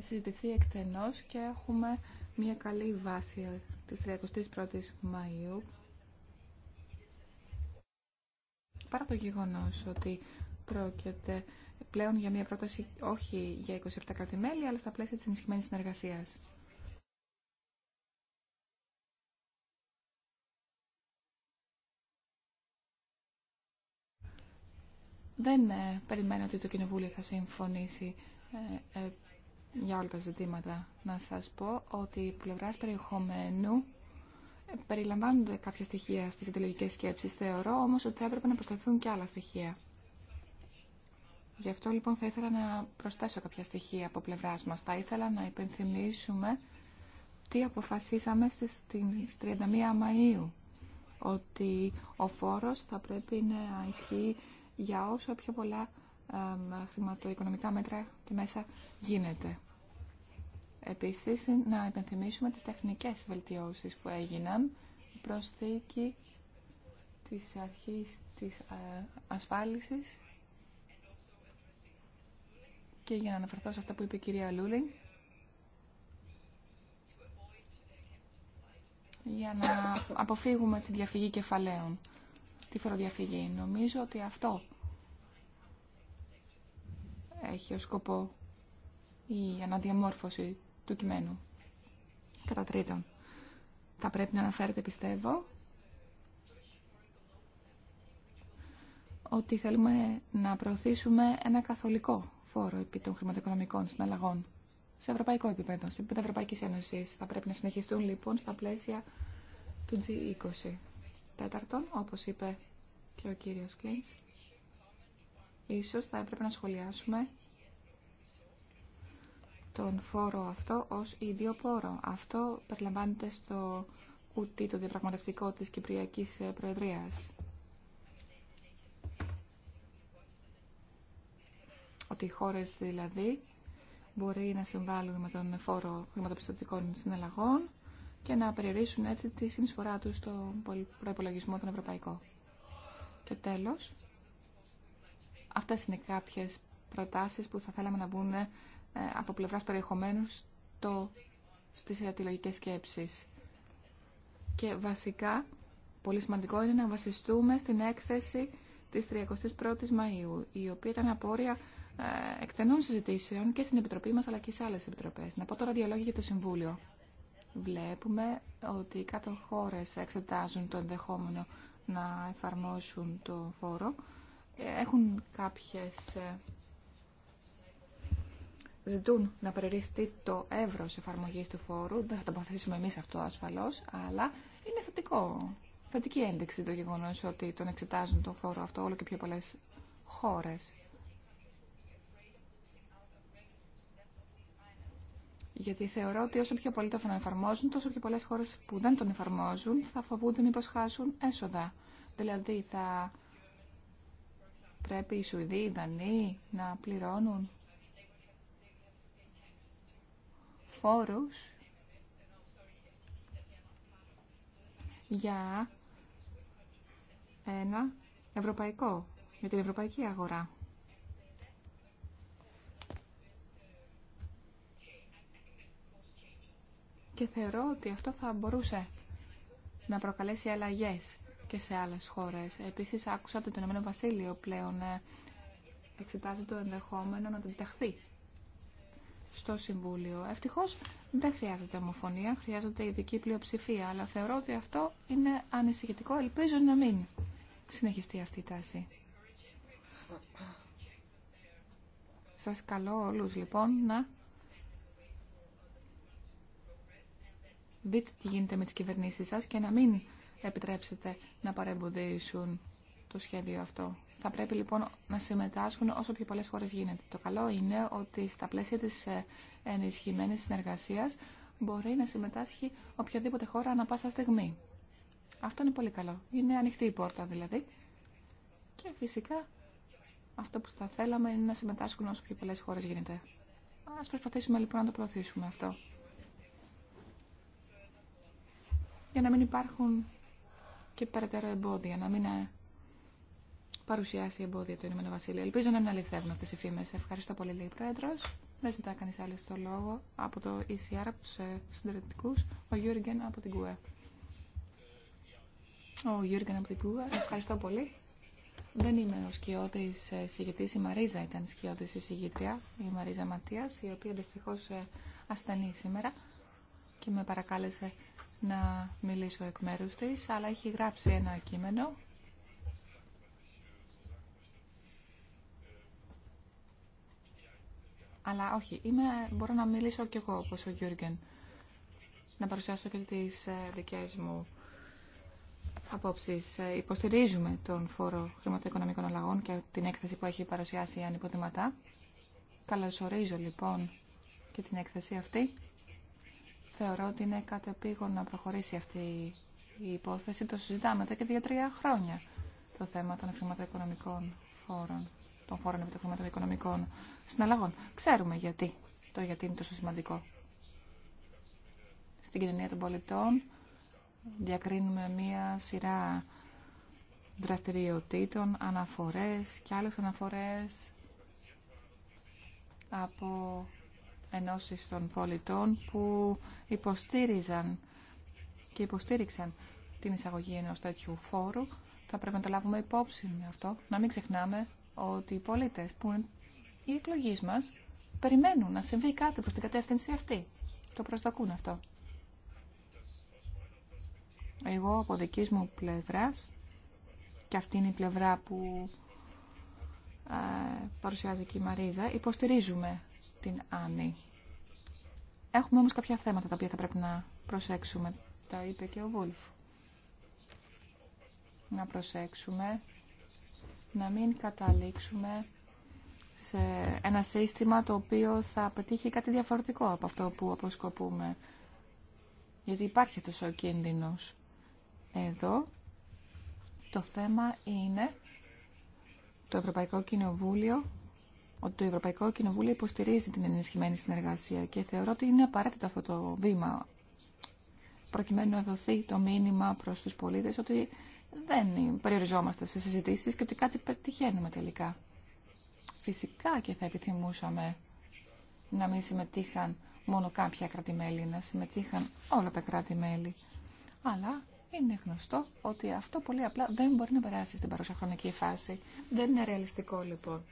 συζητηθεί εκτενώς και έχουμε μια καλή βάση της 31ης Μαΐου. Παρά το γεγονός ότι πρόκειται πλέον για μια πρόταση όχι για 27 κρατημέλη, αλλά στα πλαίσια της ενισχυμένης συνεργασίας. Δεν ε, περιμένω ότι το Κοινοβούλιο θα συμφωνήσει ε, ε, για όλα τα ζητήματα. Να σας πω ότι οι πλευρά περιεχομένου περιλαμβάνονται κάποια στοιχεία στις συντελογικές σκέψεις. Θεωρώ όμως ότι θα έπρεπε να προσταθούν και άλλα στοιχεία. Γι' αυτό λοιπόν θα ήθελα να προσθέσω κάποια στοιχεία από πλευράς μας. Θα ήθελα να υπενθυμίσουμε τι αποφασίσαμε στις, 31 Μαΐου. Ότι ο φόρος θα πρέπει να ισχύει για όσο πιο πολλά χρηματοοικονομικά μέτρα και μέσα γίνεται. Επίσης, να υπενθυμίσουμε τις τεχνικές βελτιώσεις που έγιναν, προς προσθήκη της αρχής της ασφάλισης και για να αναφερθώ σε αυτά που είπε η κυρία Λούλη, για να αποφύγουμε τη διαφυγή κεφαλαίων, τη φοροδιαφυγή. Νομίζω ότι αυτό έχει ως σκοπό η αναδιαμόρφωση του κειμένου. Κατά τρίτον, θα πρέπει να αναφέρεται, πιστεύω, ότι θέλουμε να προωθήσουμε ένα καθολικό φόρο επί των χρηματοοικονομικών συναλλαγών σε ευρωπαϊκό επίπεδο, σε επίπεδο Ευρωπαϊκής Ένωσης. Θα πρέπει να συνεχιστούν λοιπόν στα πλαίσια του G20. Τέταρτον, όπως είπε και ο κύριος Κλίνς, Ίσως θα έπρεπε να σχολιάσουμε τον φόρο αυτό ως ίδιο πόρο. Αυτό περιλαμβάνεται στο κουτί το διαπραγματευτικό της Κυπριακής Προεδρίας. Ότι οι χώρες δηλαδή μπορεί να συμβάλλουν με τον φόρο χρηματοπιστωτικών συναλλαγών και να περιορίσουν έτσι τη συνεισφορά τους στον προϋπολογισμό τον ευρωπαϊκό. Και τέλος, Αυτέ είναι κάποιες προτάσεις που θα θέλαμε να μπουν ε, από πλευρά περιεχομένου στι στις σκέψει. Και βασικά, πολύ σημαντικό είναι να βασιστούμε στην έκθεση της 31ης Μαΐου, η οποία ήταν απόρρια ε, εκτενών συζητήσεων και στην Επιτροπή μας αλλά και σε άλλες επιτροπές. Να πω τώρα δύο λόγια για το Συμβούλιο. Βλέπουμε ότι οι κάτω χώρες εξετάζουν το ενδεχόμενο να εφαρμόσουν το φόρο έχουν κάποιες... Ε, ζητούν να περιοριστεί το εύρο εφαρμογή του φόρου. Δεν θα το αποφασίσουμε εμεί αυτό ασφαλώ, αλλά είναι θετικό. Θετική ένδειξη το γεγονό ότι τον εξετάζουν τον φόρο αυτό όλο και πιο πολλέ χώρε. Γιατί θεωρώ ότι όσο πιο πολύ τον εφαρμόζουν, τόσο πιο πολλέ χώρε που δεν τον εφαρμόζουν θα φοβούνται μήπω χάσουν έσοδα. Δηλαδή θα Πρέπει οι Σουηδοί, οι Δανείοι να πληρώνουν φόρους για ένα ευρωπαϊκό, για την ευρωπαϊκή αγορά. Και θεωρώ ότι αυτό θα μπορούσε να προκαλέσει αλλαγές και σε άλλες χώρες. Επίσης άκουσα ότι το Ηνωμένο Βασίλειο πλέον ε, εξετάζει το ενδεχόμενο να αντιταχθεί στο Συμβούλιο. Ευτυχώς δεν χρειάζεται ομοφωνία, χρειάζεται ειδική πλειοψηφία, αλλά θεωρώ ότι αυτό είναι ανησυχητικό. Ελπίζω να μην συνεχιστεί αυτή η τάση. Σας καλώ όλους λοιπόν να δείτε τι γίνεται με τις κυβερνήσεις σας και να μην επιτρέψετε να παρεμποδίσουν το σχέδιο αυτό. Θα πρέπει λοιπόν να συμμετάσχουν όσο πιο πολλές χώρες γίνεται. Το καλό είναι ότι στα πλαίσια της ε, ενισχυμένης συνεργασίας μπορεί να συμμετάσχει οποιαδήποτε χώρα ανα πάσα στιγμή. Αυτό είναι πολύ καλό. Είναι ανοιχτή η πόρτα δηλαδή. Και φυσικά αυτό που θα θέλαμε είναι να συμμετάσχουν όσο πιο πολλές χώρες γίνεται. Ας προσπαθήσουμε λοιπόν να το προωθήσουμε αυτό. Για να μην υπάρχουν και περαιτέρω εμπόδια, να μην ε, παρουσιάσει εμπόδια το Ηνωμένο Βασίλειο. Ελπίζω να αναλυθεύουν αυτέ οι φήμε. Ευχαριστώ πολύ, λέει Πρόεδρο. Δεν ζητά κανεί άλλο το λόγο από το ECR, από του ε, συντηρητικού, ο Γιούργεν από την ΚΟΕ. Ο Γιούργεν από την ΚΟΕ, ευχαριστώ πολύ. Δεν είμαι ο σκιώτη ε, συγητή. Η Μαρίζα ήταν σκιώτη η η Μαρίζα Ματία, η οποία δυστυχώ ασθενεί σήμερα και με παρακάλεσε να μιλήσω εκ μέρους της, αλλά έχει γράψει ένα κείμενο. Αλλά όχι, είμαι, μπορώ να μιλήσω κι εγώ, όπως ο Γιούργεν, να παρουσιάσω και τις ε, δικές μου απόψεις. Ε, υποστηρίζουμε τον φόρο χρηματοοικονομικών αλλαγών και την έκθεση που έχει παρουσιάσει η Ανυποδηματά. Καλωσορίζω λοιπόν και την έκθεση αυτή. Θεωρώ ότι είναι κάτι να προχωρήσει αυτή η υπόθεση. Το συζητάμε εδώ και δύο-τρία χρόνια το θέμα των χρηματοοικονομικών φόρων, των φόρων επί των χρηματοοικονομικών συναλλαγών. Ξέρουμε γιατί, το γιατί είναι τόσο σημαντικό. Στην κοινωνία των πολιτών διακρίνουμε μία σειρά δραστηριοτήτων, αναφορές και άλλες αναφορές από ενώσεις των πολιτών που υποστήριζαν και υποστήριξαν την εισαγωγή ενός τέτοιου φόρου. Θα πρέπει να το λάβουμε υπόψη με αυτό. Να μην ξεχνάμε ότι οι πολίτες που είναι οι εκλογείς μας περιμένουν να συμβεί κάτι προς την κατεύθυνση αυτή. Το προστακούν αυτό. Εγώ από δικής μου πλευράς και αυτή είναι η πλευρά που ε, παρουσιάζει και η Μαρίζα, υποστηρίζουμε την Άννη. Έχουμε όμως κάποια θέματα τα οποία θα πρέπει να προσέξουμε. Τα είπε και ο Βούλφ. Να προσέξουμε, να μην καταλήξουμε σε ένα σύστημα το οποίο θα πετύχει κάτι διαφορετικό από αυτό που αποσκοπούμε. Γιατί υπάρχει αυτός ο κίνδυνος. Εδώ το θέμα είναι το Ευρωπαϊκό Κοινοβούλιο ότι το Ευρωπαϊκό Κοινοβούλιο υποστηρίζει την ενισχυμένη συνεργασία και θεωρώ ότι είναι απαραίτητο αυτό το βήμα προκειμένου να δοθεί το μήνυμα προς τους πολίτες ότι δεν περιοριζόμαστε σε συζητήσεις και ότι κάτι πετυχαίνουμε τελικά. Φυσικά και θα επιθυμούσαμε να μην συμμετείχαν μόνο κάποια κράτη-μέλη, να συμμετείχαν όλα τα κράτη-μέλη. Αλλά είναι γνωστό ότι αυτό πολύ απλά δεν μπορεί να περάσει στην παρούσα φάση. Δεν είναι ρεαλιστικό λοιπόν.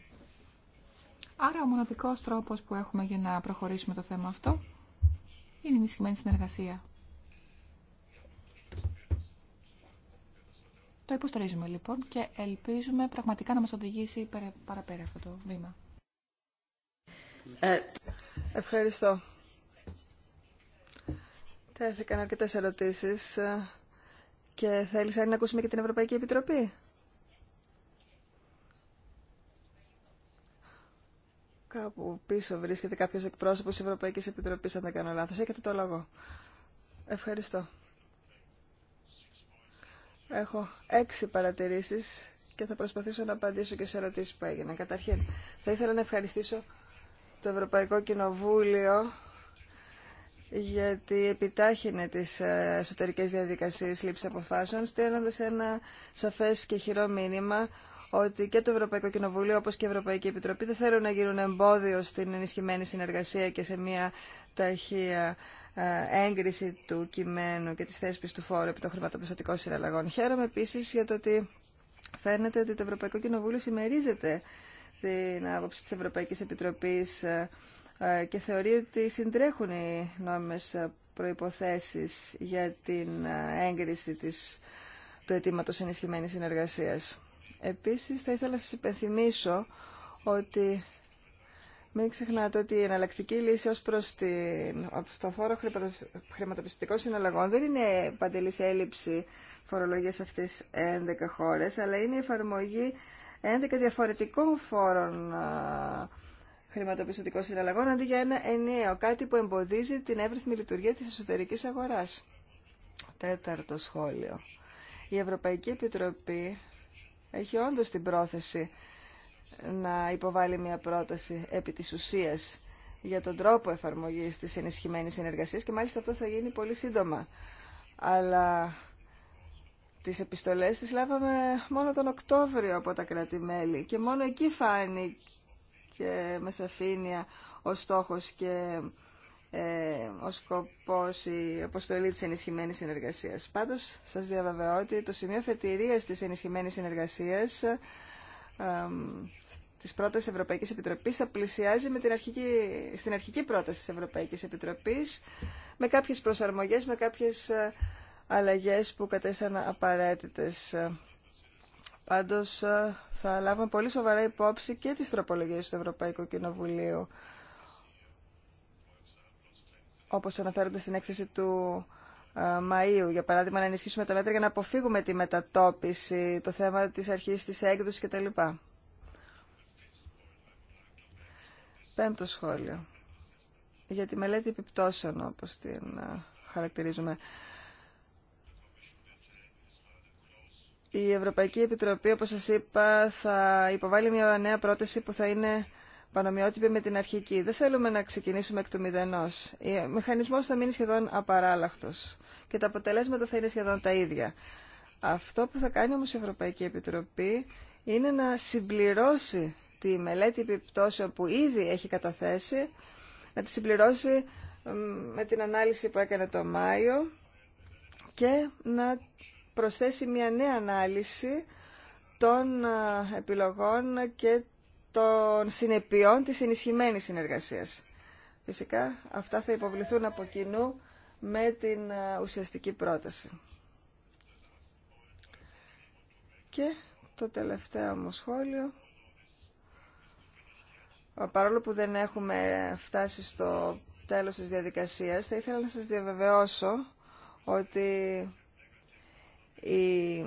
Άρα ο μοναδικός τρόπος που έχουμε για να προχωρήσουμε το θέμα αυτό είναι η ενισχυμένη συνεργασία. Το υποστηρίζουμε λοιπόν και ελπίζουμε πραγματικά να μας οδηγήσει παραπέρα αυτό το βήμα. Ε, ευχαριστώ. Τέθηκαν αρκετές ερωτήσεις ε, και θέλησα να ακούσουμε και την Ευρωπαϊκή Επιτροπή. Κάπου πίσω βρίσκεται κάποιος εκπρόσωπος της Ευρωπαϊκής Επιτροπής, αν δεν κάνω λάθος. Έχετε το λόγο. Ευχαριστώ. Έχω έξι παρατηρήσεις και θα προσπαθήσω να απαντήσω και σε ερωτήσεις που έγιναν. Καταρχήν, θα ήθελα να ευχαριστήσω το Ευρωπαϊκό Κοινοβούλιο γιατί επιτάχυνε τις ε, εσωτερικές διαδικασίες λήψη αποφάσεων στέλνοντας ένα σαφές και χειρό μήνυμα ότι και το Ευρωπαϊκό Κοινοβουλίο όπως και η Ευρωπαϊκή Επιτροπή δεν θέλουν να γίνουν εμπόδιο στην ενισχυμένη συνεργασία και σε μια ταχεία ε, έγκριση του κειμένου και της θέσπισης του φόρου επί των χρηματοπιστωτικών συναλλαγών. Χαίρομαι επίσης για το ότι φαίνεται ότι το Ευρωπαϊκό Κοινοβούλιο συμμερίζεται την άποψη της Ευρωπαϊκής Επιτροπής ε, ε, και θεωρεί ότι συντρέχουν οι νόμιμες προϋποθέσεις για την έγκριση της, του αιτήματος ενισχυμένης συνεργασίας. Επίσης θα ήθελα να σας υπενθυμίσω ότι μην ξεχνάτε ότι η εναλλακτική λύση ως προς την, φόρο χρηματοπιστωτικών συναλλαγών δεν είναι παντελής έλλειψη φορολογίας αυτής 11 χώρες, αλλά είναι η εφαρμογή 11 διαφορετικών φόρων χρηματοπιστωτικών συναλλαγών αντί για ένα ενιαίο, κάτι που εμποδίζει την εύρυθμη λειτουργία της εσωτερικής αγοράς. Τέταρτο σχόλιο. Η Ευρωπαϊκή Επιτροπή έχει όντως την πρόθεση να υποβάλει μια πρόταση επί της ουσίας για τον τρόπο εφαρμογής της ενισχυμένης συνεργασίας και μάλιστα αυτό θα γίνει πολύ σύντομα. Αλλά τις επιστολές τις λάβαμε μόνο τον Οκτώβριο από τα κράτη-μέλη και μόνο εκεί φάνηκε με σαφήνεια ο στόχος και ε, ο σκοπός, η αποστολή της ενισχυμένης συνεργασίας. Πάντως, σας διαβεβαιώ ότι το σημείο φετηρίας της ενισχυμένης συνεργασίας ε, της πρώτης Ευρωπαϊκής Επιτροπής θα πλησιάζει με την αρχική, στην αρχική πρόταση της Ευρωπαϊκής Επιτροπής με κάποιες προσαρμογές, με κάποιες ε, αλλαγές που κατέσαν απαραίτητες. Πάντως, ε, θα λάβουμε πολύ σοβαρά υπόψη και τις τροπολογίες του Ευρωπαϊκού Κοινοβουλίου όπως αναφέρονται στην έκθεση του ε, Μαΐου, για παράδειγμα, να ενισχύσουμε τα μέτρα για να αποφύγουμε τη μετατόπιση, το θέμα της αρχής της έκδοσης κτλ. Πέμπτο σχόλιο. Για τη μελέτη επιπτώσεων, όπως την ε, χαρακτηρίζουμε. Η Ευρωπαϊκή Επιτροπή, όπως σας είπα, θα υποβάλει μια νέα πρόταση που θα είναι πανομοιότυπη με την αρχική. Δεν θέλουμε να ξεκινήσουμε εκ του μηδενό. Ο μηχανισμό θα μείνει σχεδόν απαράλλαχτο και τα αποτελέσματα θα είναι σχεδόν τα ίδια. Αυτό που θα κάνει όμω η Ευρωπαϊκή Επιτροπή είναι να συμπληρώσει τη μελέτη επιπτώσεων που ήδη έχει καταθέσει, να τη συμπληρώσει με την ανάλυση που έκανε το Μάιο και να προσθέσει μια νέα ανάλυση των επιλογών και των συνεπειών της ενισχυμένης συνεργασίας. Φυσικά αυτά θα υποβληθούν από κοινού με την ε, ουσιαστική πρόταση. Και το τελευταίο μου σχόλιο. Ε, παρόλο που δεν έχουμε φτάσει στο τέλος της διαδικασίας, θα ήθελα να σας διαβεβαιώσω ότι η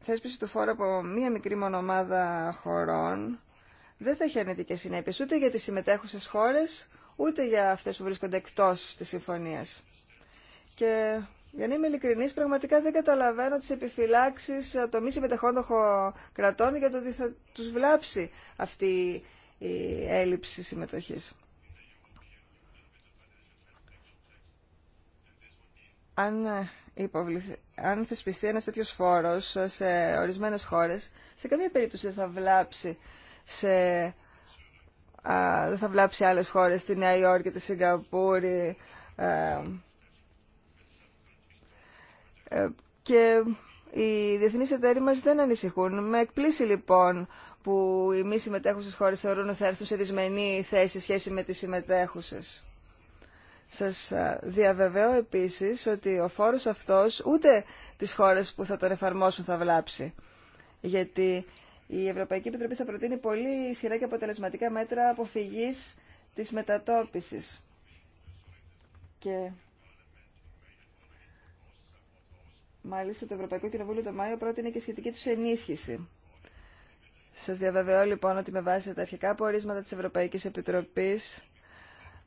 θέσπιση του φόρου από μία μικρή μονομάδα χωρών δεν θα έχει αρνητικές συνέπειε ούτε για τι συμμετέχουσε χώρε ούτε για αυτές που βρίσκονται εκτός της συμφωνίας. Και για να είμαι ειλικρινή, πραγματικά δεν καταλαβαίνω τι επιφυλάξει ε, των μη κρατών για το ότι θα του βλάψει αυτή η έλλειψη συμμετοχή. Αν, ε, υποβληθεί, αν θεσπιστεί ένα τέτοιο φόρο ε, σε ορισμένε χώρε, σε καμία περίπτωση δεν θα βλάψει σε, δεν θα βλάψει άλλες χώρες, τη Νέα Υόρκη, τη Σιγκαπούρη. Ε, ε, και οι διεθνείς εταίροι μας δεν ανησυχούν. Με εκπλήσει λοιπόν που οι μη συμμετέχουσες χώρες θεωρούν ότι θα έρθουν σε δυσμενή θέση σχέση με τις συμμετέχουσες. Σας διαβεβαιώ επίσης ότι ο φόρος αυτός ούτε τις χώρες που θα τον εφαρμόσουν θα βλάψει. Γιατί η Ευρωπαϊκή Επιτροπή θα προτείνει πολύ ισχυρά και αποτελεσματικά μέτρα αποφυγής της μετατόπισης. Και μάλιστα το Ευρωπαϊκό Κοινοβούλιο το Μάιο πρότεινε και σχετική τους ενίσχυση. Σας διαβεβαιώ λοιπόν ότι με βάση τα αρχικά απορίσματα της Ευρωπαϊκής Επιτροπής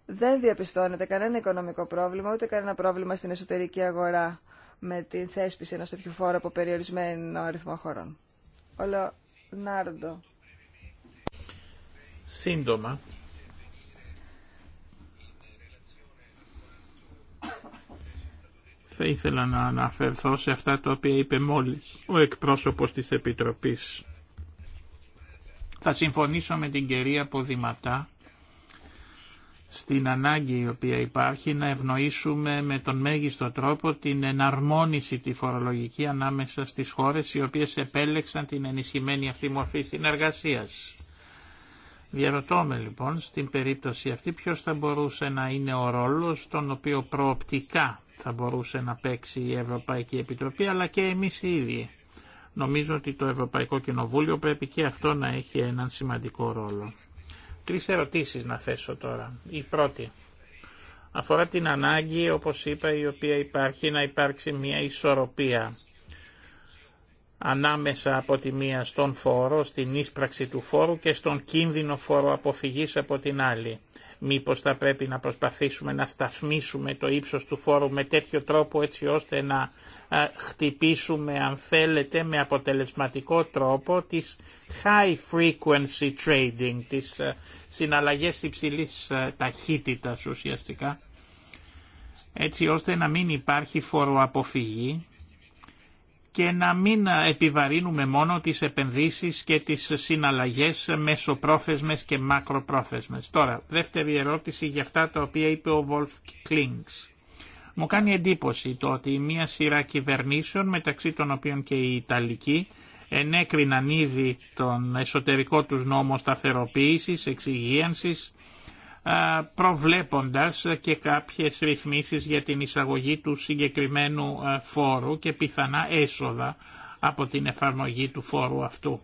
δεν διαπιστώνεται κανένα οικονομικό πρόβλημα, ούτε κανένα πρόβλημα στην εσωτερική αγορά με την θέσπιση ενός τέτοιου φόρου από περιορισμένο αριθμό χωρών. Όλο Νάρντο. Σύντομα. Θα ήθελα να αναφερθώ σε αυτά τα οποία είπε μόλις ο εκπρόσωπος της Επιτροπής. Θα συμφωνήσω με την κυρία Ποδηματά στην ανάγκη η οποία υπάρχει να ευνοήσουμε με τον μέγιστο τρόπο την εναρμόνιση τη φορολογική ανάμεσα στις χώρες οι οποίες επέλεξαν την ενισχυμένη αυτή μορφή συνεργασίας. Διαρωτώμε λοιπόν στην περίπτωση αυτή ποιος θα μπορούσε να είναι ο ρόλος τον οποίο προοπτικά θα μπορούσε να παίξει η Ευρωπαϊκή Επιτροπή αλλά και εμείς οι ίδιοι. Νομίζω ότι το Ευρωπαϊκό Κοινοβούλιο πρέπει και αυτό να έχει έναν σημαντικό ρόλο. Τρει ερωτήσεις να θέσω τώρα. Η πρώτη αφορά την ανάγκη, όπως είπα, η οποία υπάρχει να υπάρξει μια ισορροπία ανάμεσα από τη μία στον φόρο, στην ίσπραξη του φόρου και στον κίνδυνο φόρο αποφυγής από την άλλη. Μήπως θα πρέπει να προσπαθήσουμε να σταθμίσουμε το ύψος του φόρου με τέτοιο τρόπο έτσι ώστε να ε, χτυπήσουμε αν θέλετε με αποτελεσματικό τρόπο τις high frequency trading, τις ε, συναλλαγές υψηλής ε, ταχύτητας ουσιαστικά έτσι ώστε να μην υπάρχει φοροαποφυγή και να μην επιβαρύνουμε μόνο τις επενδύσεις και τις συναλλαγές μεσοπρόθεσμες και μακροπρόθεσμες. Τώρα, δεύτερη ερώτηση για αυτά τα οποία είπε ο Βολφ Κλίνγκς. Μου κάνει εντύπωση το ότι μία σειρά κυβερνήσεων, μεταξύ των οποίων και η Ιταλική, ενέκριναν ήδη τον εσωτερικό τους νόμο σταθεροποίησης, εξυγίανσης, προβλέποντας και κάποιες ρυθμίσεις για την εισαγωγή του συγκεκριμένου φόρου και πιθανά έσοδα από την εφαρμογή του φόρου αυτού.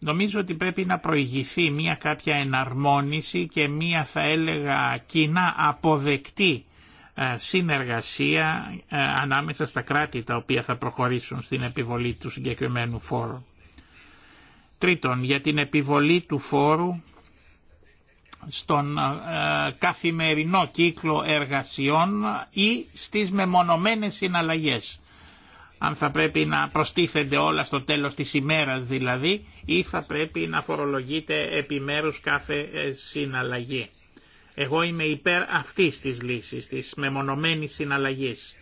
Νομίζω ότι πρέπει να προηγηθεί μια κάποια εναρμόνιση και μια θα έλεγα κοινά αποδεκτή συνεργασία ανάμεσα στα κράτη τα οποία θα προχωρήσουν στην επιβολή του συγκεκριμένου φόρου. Τρίτον, για την επιβολή του φόρου στον ε, καθημερινό κύκλο εργασιών ή στις μεμονωμένες συναλλαγές. Αν θα πρέπει να προστίθενται όλα στο τέλος της ημέρας δηλαδή ή θα πρέπει να φορολογείται επιμέρους κάθε ε, συναλλαγή. Εγώ είμαι υπέρ αυτής της λύσης, της μεμονωμένης συναλλαγής.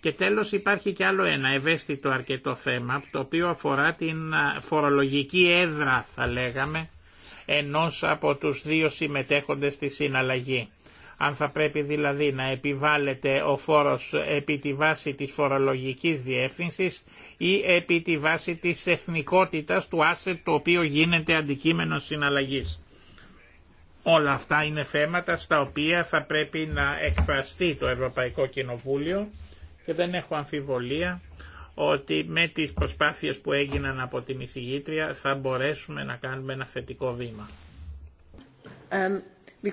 Και τέλος υπάρχει και άλλο ένα ευαίσθητο αρκετό θέμα, το οποίο αφορά την ε, φορολογική έδρα θα λέγαμε, ενός από τους δύο συμμετέχοντες στη συναλλαγή. Αν θα πρέπει δηλαδή να επιβάλλεται ο φόρος επί τη βάση της φορολογικής διεύθυνσης ή επί τη βάση της εθνικότητας του asset το οποίο γίνεται αντικείμενο συναλλαγής. Όλα αυτά είναι θέματα στα οποία θα πρέπει να εκφραστεί το Ευρωπαϊκό Κοινοβούλιο και δεν έχω αμφιβολία ότι με τις προσπάθειες που έγιναν από την εισηγήτρια θα μπορέσουμε να κάνουμε ένα θετικό βήμα. Um,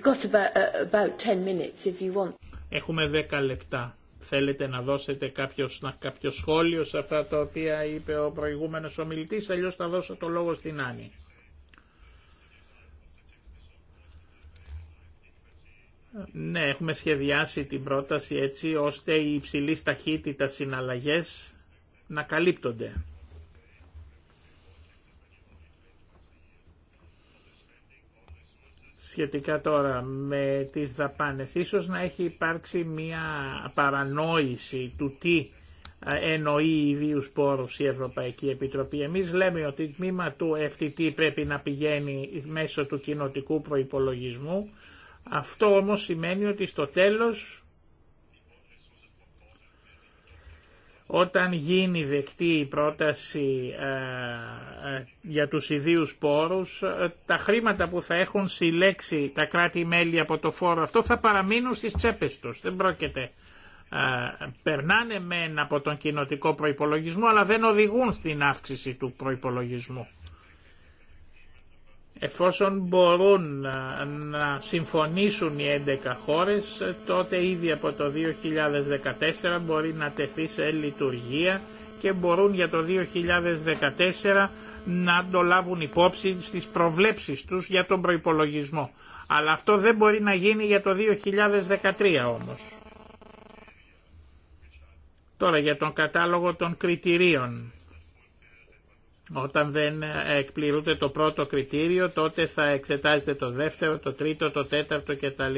uh, έχουμε 10 λεπτά. Θέλετε να δώσετε κάποιος, κάποιο σχόλιο σε αυτά τα οποία είπε ο προηγούμενος ομιλητής, αλλιώς θα δώσω το λόγο στην Άννη. Ναι, έχουμε σχεδιάσει την πρόταση έτσι ώστε η υψηλή ταχύτητα συναλλαγές να καλύπτονται. σχετικά τώρα με τις δαπάνες. Ίσως να έχει υπάρξει μια παρανόηση του τι ε, εννοεί ιδίους πόρους η Ευρωπαϊκή Επιτροπή. Εμείς λέμε ότι το τμήμα του FTT πρέπει να πηγαίνει μέσω του κοινοτικού προϋπολογισμού. Αυτό όμως σημαίνει ότι στο τέλος Όταν γίνει δεκτή η πρόταση ε, ε, για τους ιδίους πόρους, ε, τα χρήματα που θα έχουν συλλέξει τα κράτη-μέλη από το φόρο αυτό θα παραμείνουν στις τσέπες τους. Δεν πρόκειται. Περνάνε μεν από τον κοινοτικό προϋπολογισμό, αλλά δεν οδηγούν στην αύξηση του προϋπολογισμού. Εφόσον μπορούν ε, να συμφωνήσουν οι 11 χώρες, ε, τότε ήδη από το 2014 μπορεί να τεθεί σε λειτουργία και μπορούν για το 2014 να το λάβουν υπόψη στις προβλέψεις τους για τον προϋπολογισμό. Αλλά αυτό δεν μπορεί να γίνει για το 2013 όμως. Τώρα για τον κατάλογο των κριτηρίων. Όταν δεν εκπληρούνται το πρώτο κριτήριο, τότε θα εξετάζεται το δεύτερο, το τρίτο, το τέταρτο κτλ.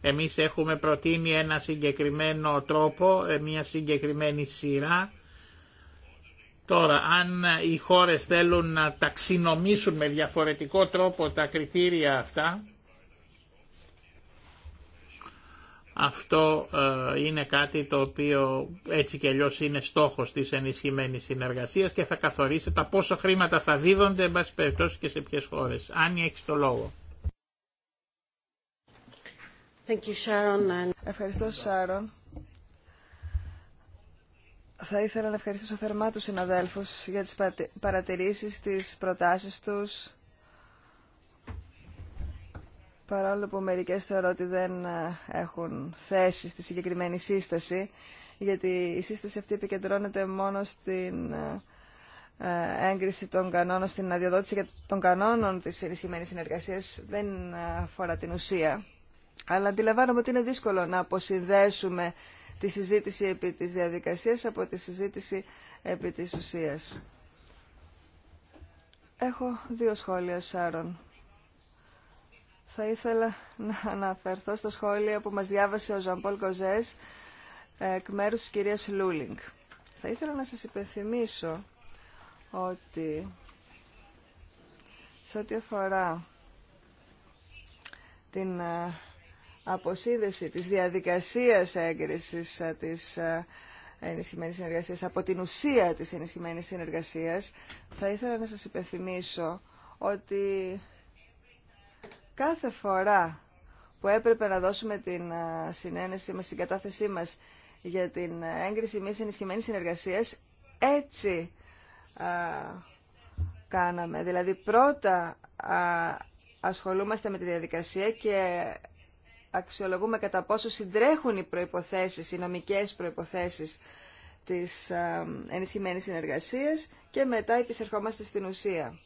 Εμείς έχουμε προτείνει ένα συγκεκριμένο τρόπο, ε, μια συγκεκριμένη σειρά. Τώρα, αν οι χώρες θέλουν να ταξινομήσουν με διαφορετικό τρόπο τα κριτήρια αυτά, Αυτό ε, είναι κάτι το οποίο έτσι και αλλιώ είναι στόχος της ενισχυμένης συνεργασίας και θα καθορίσει τα πόσα χρήματα θα δίδονται, εν πάση περιπτώσει και σε ποιες χώρες. Άννη, έχει το λόγο. Thank you, Sharon. Ευχαριστώ, Σάρον. Θα ήθελα να ευχαριστήσω θερμά τους συναδέλφους για τις παρατηρήσεις, τις προτάσεις τους παρόλο που μερικές θεωρώ ότι δεν ε, έχουν θέση στη συγκεκριμένη σύσταση, γιατί η σύσταση αυτή επικεντρώνεται μόνο στην ε, ε, έγκριση των κανόνων, στην αδειοδότηση των κανόνων της ενισχυμένης συνεργασίας, δεν αφορά την ουσία. Αλλά αντιλαμβάνομαι ότι είναι δύσκολο να αποσυνδέσουμε τη συζήτηση επί της διαδικασίας από τη συζήτηση επί της ουσίας. Έχω δύο σχόλια, Σάρων θα ήθελα να αναφερθώ στα σχόλια που μας διάβασε ο Ζαμπόλ Κοζές ε, εκ μέρου της κυρίας Λούλινγκ. Θα ήθελα να σας υπενθυμίσω ότι σε ό,τι αφορά την ε, αποσύνδεση της διαδικασίας έγκρισης ε, της ενισχυμένης συνεργασίας από την ουσία της ενισχυμένης συνεργασίας, θα ήθελα να σας υπενθυμίσω ότι κάθε φορά που έπρεπε να δώσουμε την ε, συνένεση μας, την κατάθεσή μας για την ε, έγκριση μιας ενισχυμένης συνεργασίας, έτσι κάναμε. Δηλαδή πρώτα ασχολούμαστε με τη διαδικασία και αξιολογούμε κατά πόσο συντρέχουν οι προϋποθέσεις, οι νομικές προϋποθέσεις της α, ε, ενισχυμένης συνεργασίας και μετά επισερχόμαστε στην ουσία.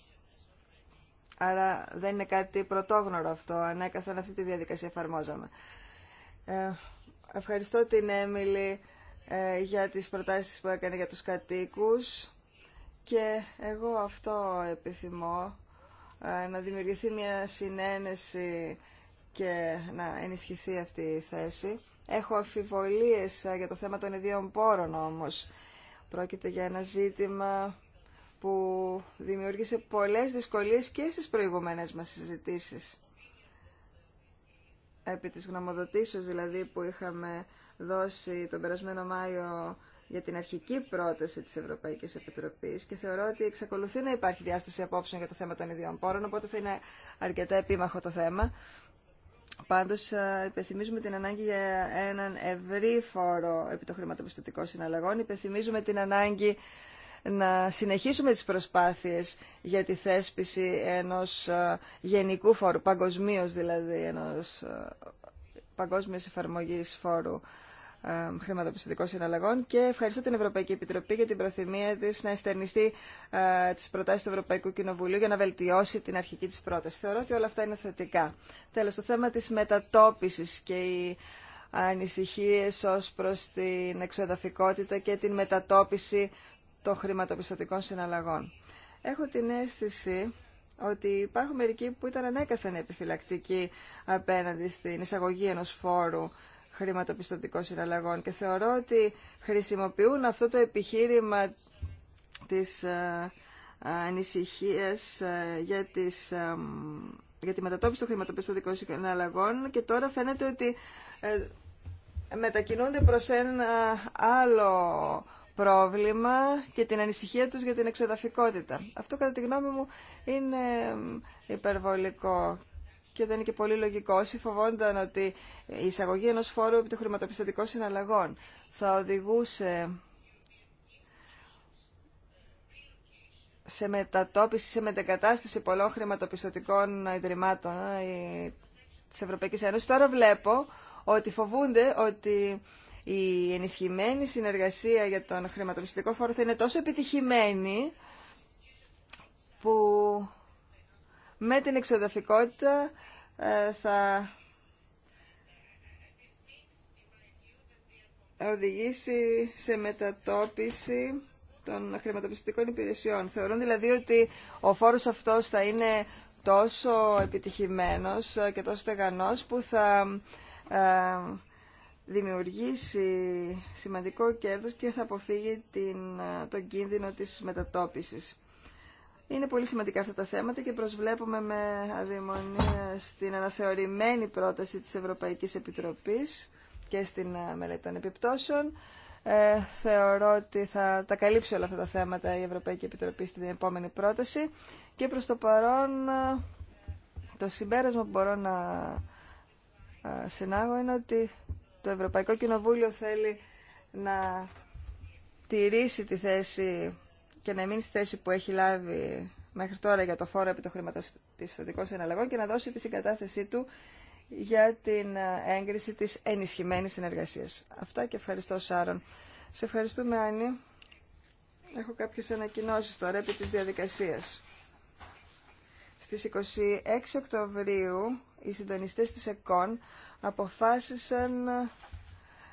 Άρα δεν είναι κάτι πρωτόγνωρο αυτό, ανέκαθεν αυτή τη διαδικασία εφαρμόζαμε. Ε, ευχαριστώ την Έμιλη ε, για τις προτάσεις που έκανε για τους κατοίκους και εγώ αυτό επιθυμώ, ε, να δημιουργηθεί μια συνένεση και να ενισχυθεί αυτή η θέση. Έχω αμφιβολίες ε, για το θέμα των ιδίων πόρων όμως. Πρόκειται για ένα ζήτημα που δημιούργησε πολλές δυσκολίες και στις προηγούμενες μας συζητήσεις. Επί της γνωμοδοτήσεως δηλαδή που είχαμε δώσει τον περασμένο Μάιο για την αρχική πρόταση της Ευρωπαϊκής Επιτροπής και θεωρώ ότι εξακολουθεί να υπάρχει διάσταση απόψεων για το θέμα των ιδιών πόρων, οπότε θα είναι αρκετά επίμαχο το θέμα. Πάντως, υπενθυμίζουμε την ανάγκη για έναν ευρύ φόρο επί το χρηματοπιστωτικό συναλλαγών, την ανάγκη να συνεχίσουμε τις προσπάθειες για τη θέσπιση ενός ε, γενικού φόρου, παγκοσμίως δηλαδή, ενός ε, παγκόσμιας εφαρμογής φόρου ε, χρηματοπιστωτικών συναλλαγών και ευχαριστώ την Ευρωπαϊκή Επιτροπή για την προθυμία της να εστερνιστεί τις τι του Ευρωπαϊκού Κοινοβουλίου για να βελτιώσει την αρχική της πρόταση. Θεωρώ ότι όλα αυτά είναι θετικά. Τέλος, το θέμα της μετατόπισης και οι ανησυχίε ω προς την εξοδαφικότητα και την μετατόπιση των χρηματοπιστωτικών συναλλαγών. Έχω την αίσθηση ότι υπάρχουν μερικοί που ήταν ανέκαθεν επιφυλακτικοί απέναντι στην εισαγωγή ενός φόρου χρηματοπιστωτικών συναλλαγών και θεωρώ ότι χρησιμοποιούν αυτό το επιχείρημα της ε, ανησυχίας ε, για, ε, για τη μετατόπιση των χρηματοπιστωτικών συναλλαγών και τώρα φαίνεται ότι μετακινούνται προς ένα άλλο πρόβλημα και την ανησυχία τους για την εξοδαφικότητα. Αυτό κατά τη γνώμη μου είναι υπερβολικό και δεν είναι και πολύ λογικό. Όσοι φοβόνταν ότι η εισαγωγή ενός φόρου επί των χρηματοπιστωτικών συναλλαγών θα οδηγούσε σε μετατόπιση, σε μετεγκατάσταση πολλών χρηματοπιστωτικών ιδρυμάτων ε, της Ευρωπαϊκής Ένωσης. Τώρα βλέπω ότι φοβούνται ότι η ενισχυμένη συνεργασία για τον χρηματοπιστωτικό φόρο θα είναι τόσο επιτυχημένη που με την εξοδαφικότητα ε, θα οδηγήσει σε μετατόπιση των χρηματοπιστωτικών υπηρεσιών. Θεωρούν δηλαδή ότι ο φόρος αυτός θα είναι τόσο επιτυχημένος και τόσο στεγανός που θα ε, δημιουργήσει σημαντικό κέρδος και θα αποφύγει την, τον κίνδυνο της μετατόπισης. Είναι πολύ σημαντικά αυτά τα θέματα και προσβλέπουμε με αδειμονία στην αναθεωρημένη πρόταση της Ευρωπαϊκής Επιτροπής και στην μελέτη των επιπτώσεων. Ε, θεωρώ ότι θα τα καλύψει όλα αυτά τα θέματα η Ευρωπαϊκή Επιτροπή στην επόμενη πρόταση και προς το παρόν το συμπέρασμα που μπορώ να συνάγω είναι ότι το Ευρωπαϊκό Κοινοβούλιο θέλει να τηρήσει τη θέση και να μείνει στη θέση που έχει λάβει μέχρι τώρα για το φόρο επί των χρηματοπιστωτικών συναλλαγών και να δώσει τη συγκατάθεσή του για την έγκριση της ενισχυμένης συνεργασίας. Αυτά και ευχαριστώ Σάρων. Σε ευχαριστούμε Άννη. Έχω κάποιες ανακοινώσεις τώρα επί της διαδικασίας. Στις 26 Οκτωβρίου οι συντονιστές της ΕΚΟΝ αποφάσισαν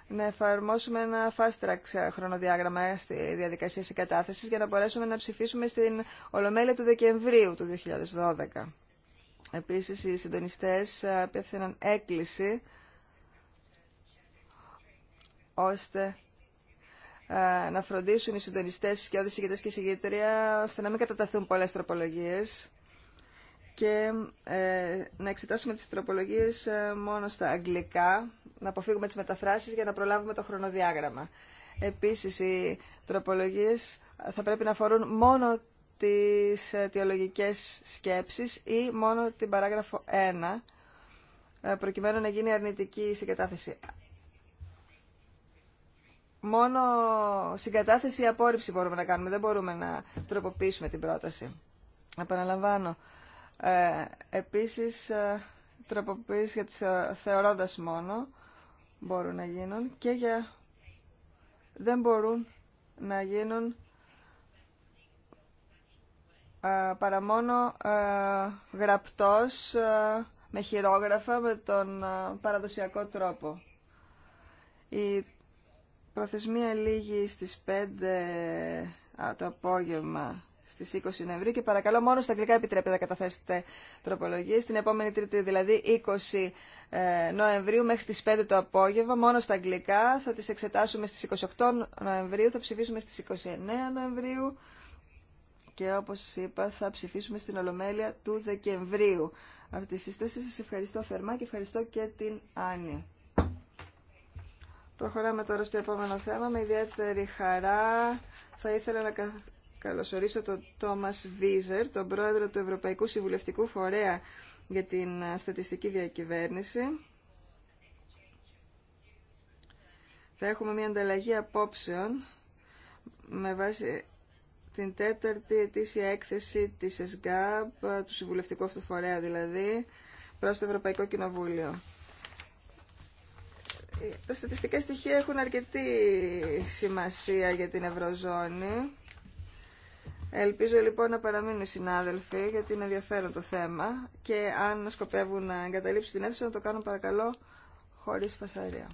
να εφαρμόσουμε ένα fast track χρονοδιάγραμμα στη διαδικασία συγκατάθεσης για να μπορέσουμε να ψηφίσουμε στην Ολομέλεια του Δεκεμβρίου του 2012. Επίσης, οι συντονιστές απέφθαιναν έκκληση ώστε ε, να φροντίσουν οι συντονιστές και οι ηγετές και συγγήτρια ώστε να μην καταταθούν πολλές τροπολογίες και ε, να εξετάσουμε τις τροπολογίες ε, μόνο στα αγγλικά, να αποφύγουμε τις μεταφράσεις για να προλάβουμε το χρονοδιάγραμμα. Επίσης, οι τροπολογίες θα πρέπει να αφορούν μόνο τις τιολογικές σκέψεις ή μόνο την παράγραφο 1, ε, προκειμένου να γίνει αρνητική συγκατάθεση. Μόνο συγκατάθεση ή απόρριψη μπορούμε να κάνουμε, δεν μπορούμε να τροποποιήσουμε την πρόταση. Επαναλαμβάνω, ε, επίσης, ε, τροποποιήσεις για τις θεωρώντας μόνο μπορούν να γίνουν και για δεν μπορούν να γίνουν ε, παρά μόνο γραπτός με χειρόγραφα με τον παραδοσιακό τρόπο. Η προθεσμία λίγη στις 5 το απόγευμα στις 20 Νοεμβρίου και παρακαλώ μόνο στα αγγλικά επιτρέπετε να καταθέσετε τροπολογίες. Την επόμενη Τρίτη, δηλαδή 20 ε, Νοεμβρίου μέχρι τις 5 το απόγευμα, μόνο στα αγγλικά. Θα τις εξετάσουμε στις 28 Νοεμβρίου, θα ψηφίσουμε στις 29 Νοεμβρίου και όπως είπα θα ψηφίσουμε στην Ολομέλεια του Δεκεμβρίου. Αυτή τη σύσταση σας ευχαριστώ θερμά και ευχαριστώ και την Άννη. Προχωράμε τώρα στο επόμενο θέμα. Με ιδιαίτερη χαρά θα ήθελα να καλωσορίσω τον Τόμας Βίζερ, τον πρόεδρο του Ευρωπαϊκού Συμβουλευτικού Φορέα για την ε, Στατιστική Διακυβέρνηση. Θα έχουμε μια ανταλλαγή απόψεων με βάση την τέταρτη ετήσια έκθεση της ΕΣΓΑΠ, του Συμβουλευτικού Αυτού Φορέα δηλαδή, προς το Ευρωπαϊκό Κοινοβούλιο. Ε, τα στατιστικά στοιχεία έχουν αρκετή σημασία για την Ευρωζώνη Ελπίζω λοιπόν να παραμείνουν οι συνάδελφοι γιατί είναι ενδιαφέρον το θέμα και αν σκοπεύουν να εγκαταλείψουν την αίθουσα να το κάνουν παρακαλώ χωρίς φασαρία.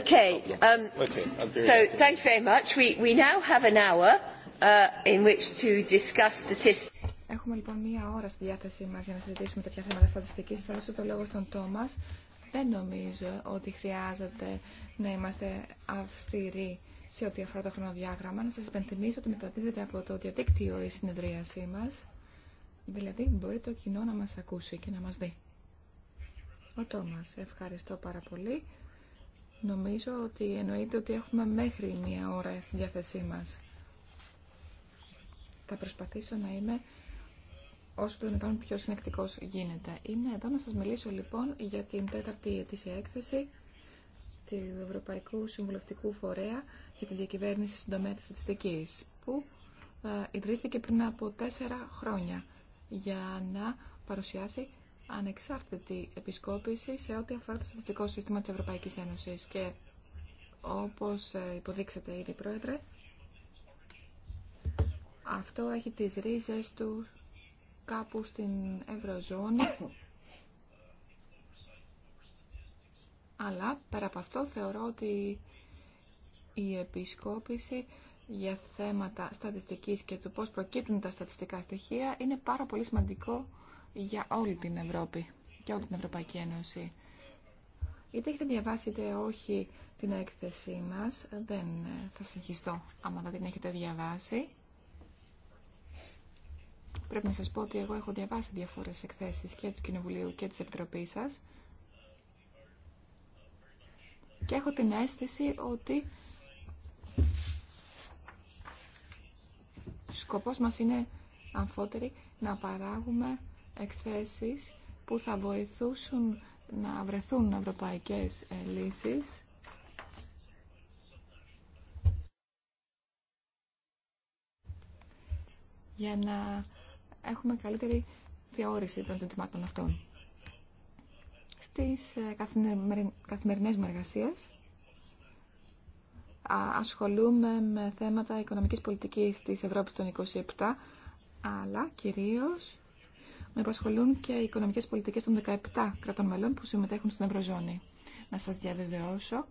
Okay. Um, so thank you very much. We, we now have an hour uh, in which to discuss statistics. Έχουμε λοιπόν μία ώρα στη διάθεσή μας για να συζητήσουμε τέτοια θέματα στατιστικής. Θα δώσω το λόγο στον Τόμας. Δεν νομίζω ότι χρειάζεται να είμαστε αυστηροί σε ό,τι αφορά το χρονοδιάγραμμα. Να σας υπενθυμίσω ότι μεταδίδεται από το διαδίκτυο η συνεδρίασή μας. Δηλαδή μπορεί το κοινό να μας ακούσει και να μας δει. Ο Τόμας, ευχαριστώ πάρα πολύ. Νομίζω ότι εννοείται ότι έχουμε μέχρι μία ώρα στη διάθεσή μας. Θα προσπαθήσω να είμαι όσο το δυνατόν πιο συνεκτικός γίνεται. Είμαι εδώ να σας μιλήσω λοιπόν για την τέταρτη ετήσια έκθεση του Ευρωπαϊκού Συμβουλευτικού Φορέα για την διακυβέρνηση στον τομέα της στατιστικής, που ε, ιδρύθηκε πριν από τέσσερα χρόνια για να παρουσιάσει ανεξάρτητη επισκόπηση σε ό,τι αφορά το στατιστικό σύστημα της Ευρωπαϊκής Ένωσης και όπως ε, υποδείξατε ήδη πρόεδρε αυτό έχει τις ρίζες του κάπου στην Ευρωζώνη αλλά πέρα από αυτό θεωρώ ότι η επισκόπηση για θέματα στατιστικής και του πώς προκύπτουν τα στατιστικά στοιχεία είναι πάρα πολύ σημαντικό για όλη την Ευρώπη και όλη την Ευρωπαϊκή Ένωση. Είτε έχετε διαβάσει είτε όχι την έκθεσή μας, δεν ε, θα συγχυστώ άμα δεν την έχετε διαβάσει. Πρέπει να σας πω ότι εγώ έχω διαβάσει διαφόρες εκθέσεις και του Κοινοβουλίου και της Επιτροπής σας και έχω την αίσθηση ότι σκοπός μας είναι αμφότεροι να παράγουμε εκθέσεις που θα βοηθούσαν να βρεθούν ευρωπαϊκές ε, λύσεις. για να έχουμε καλύτερη θεώρηση των ζητημάτων αυτών. Στις ε, καθημερινές μου εργασίες ασχολούμαι με θέματα οικονομικής πολιτικής της Ευρώπης των 27, αλλά κυρίως με απασχολούν και οι οικονομικές πολιτικές των 17 κρατών μελών που συμμετέχουν στην Ευρωζώνη. Να σας διαβεβαιώσω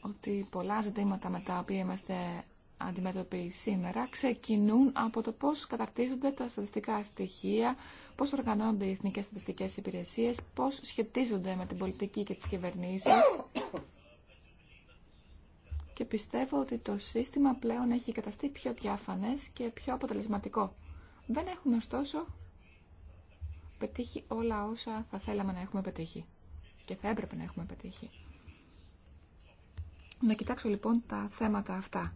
ότι πολλά ζητήματα με τα οποία είμαστε αντιμέτωποι σήμερα ξεκινούν από το πώς καταρτίζονται τα στατιστικά στοιχεία, πώς οργανώνονται οι εθνικές στατιστικές υπηρεσίες, πώς σχετίζονται με την πολιτική και τις κυβερνήσεις και πιστεύω ότι το σύστημα πλέον έχει καταστεί πιο διάφανες και πιο αποτελεσματικό. Δεν έχουμε ωστόσο πετύχει όλα όσα θα θέλαμε να έχουμε πετύχει και θα έπρεπε να έχουμε πετύχει. Να κοιτάξω λοιπόν τα θέματα αυτά.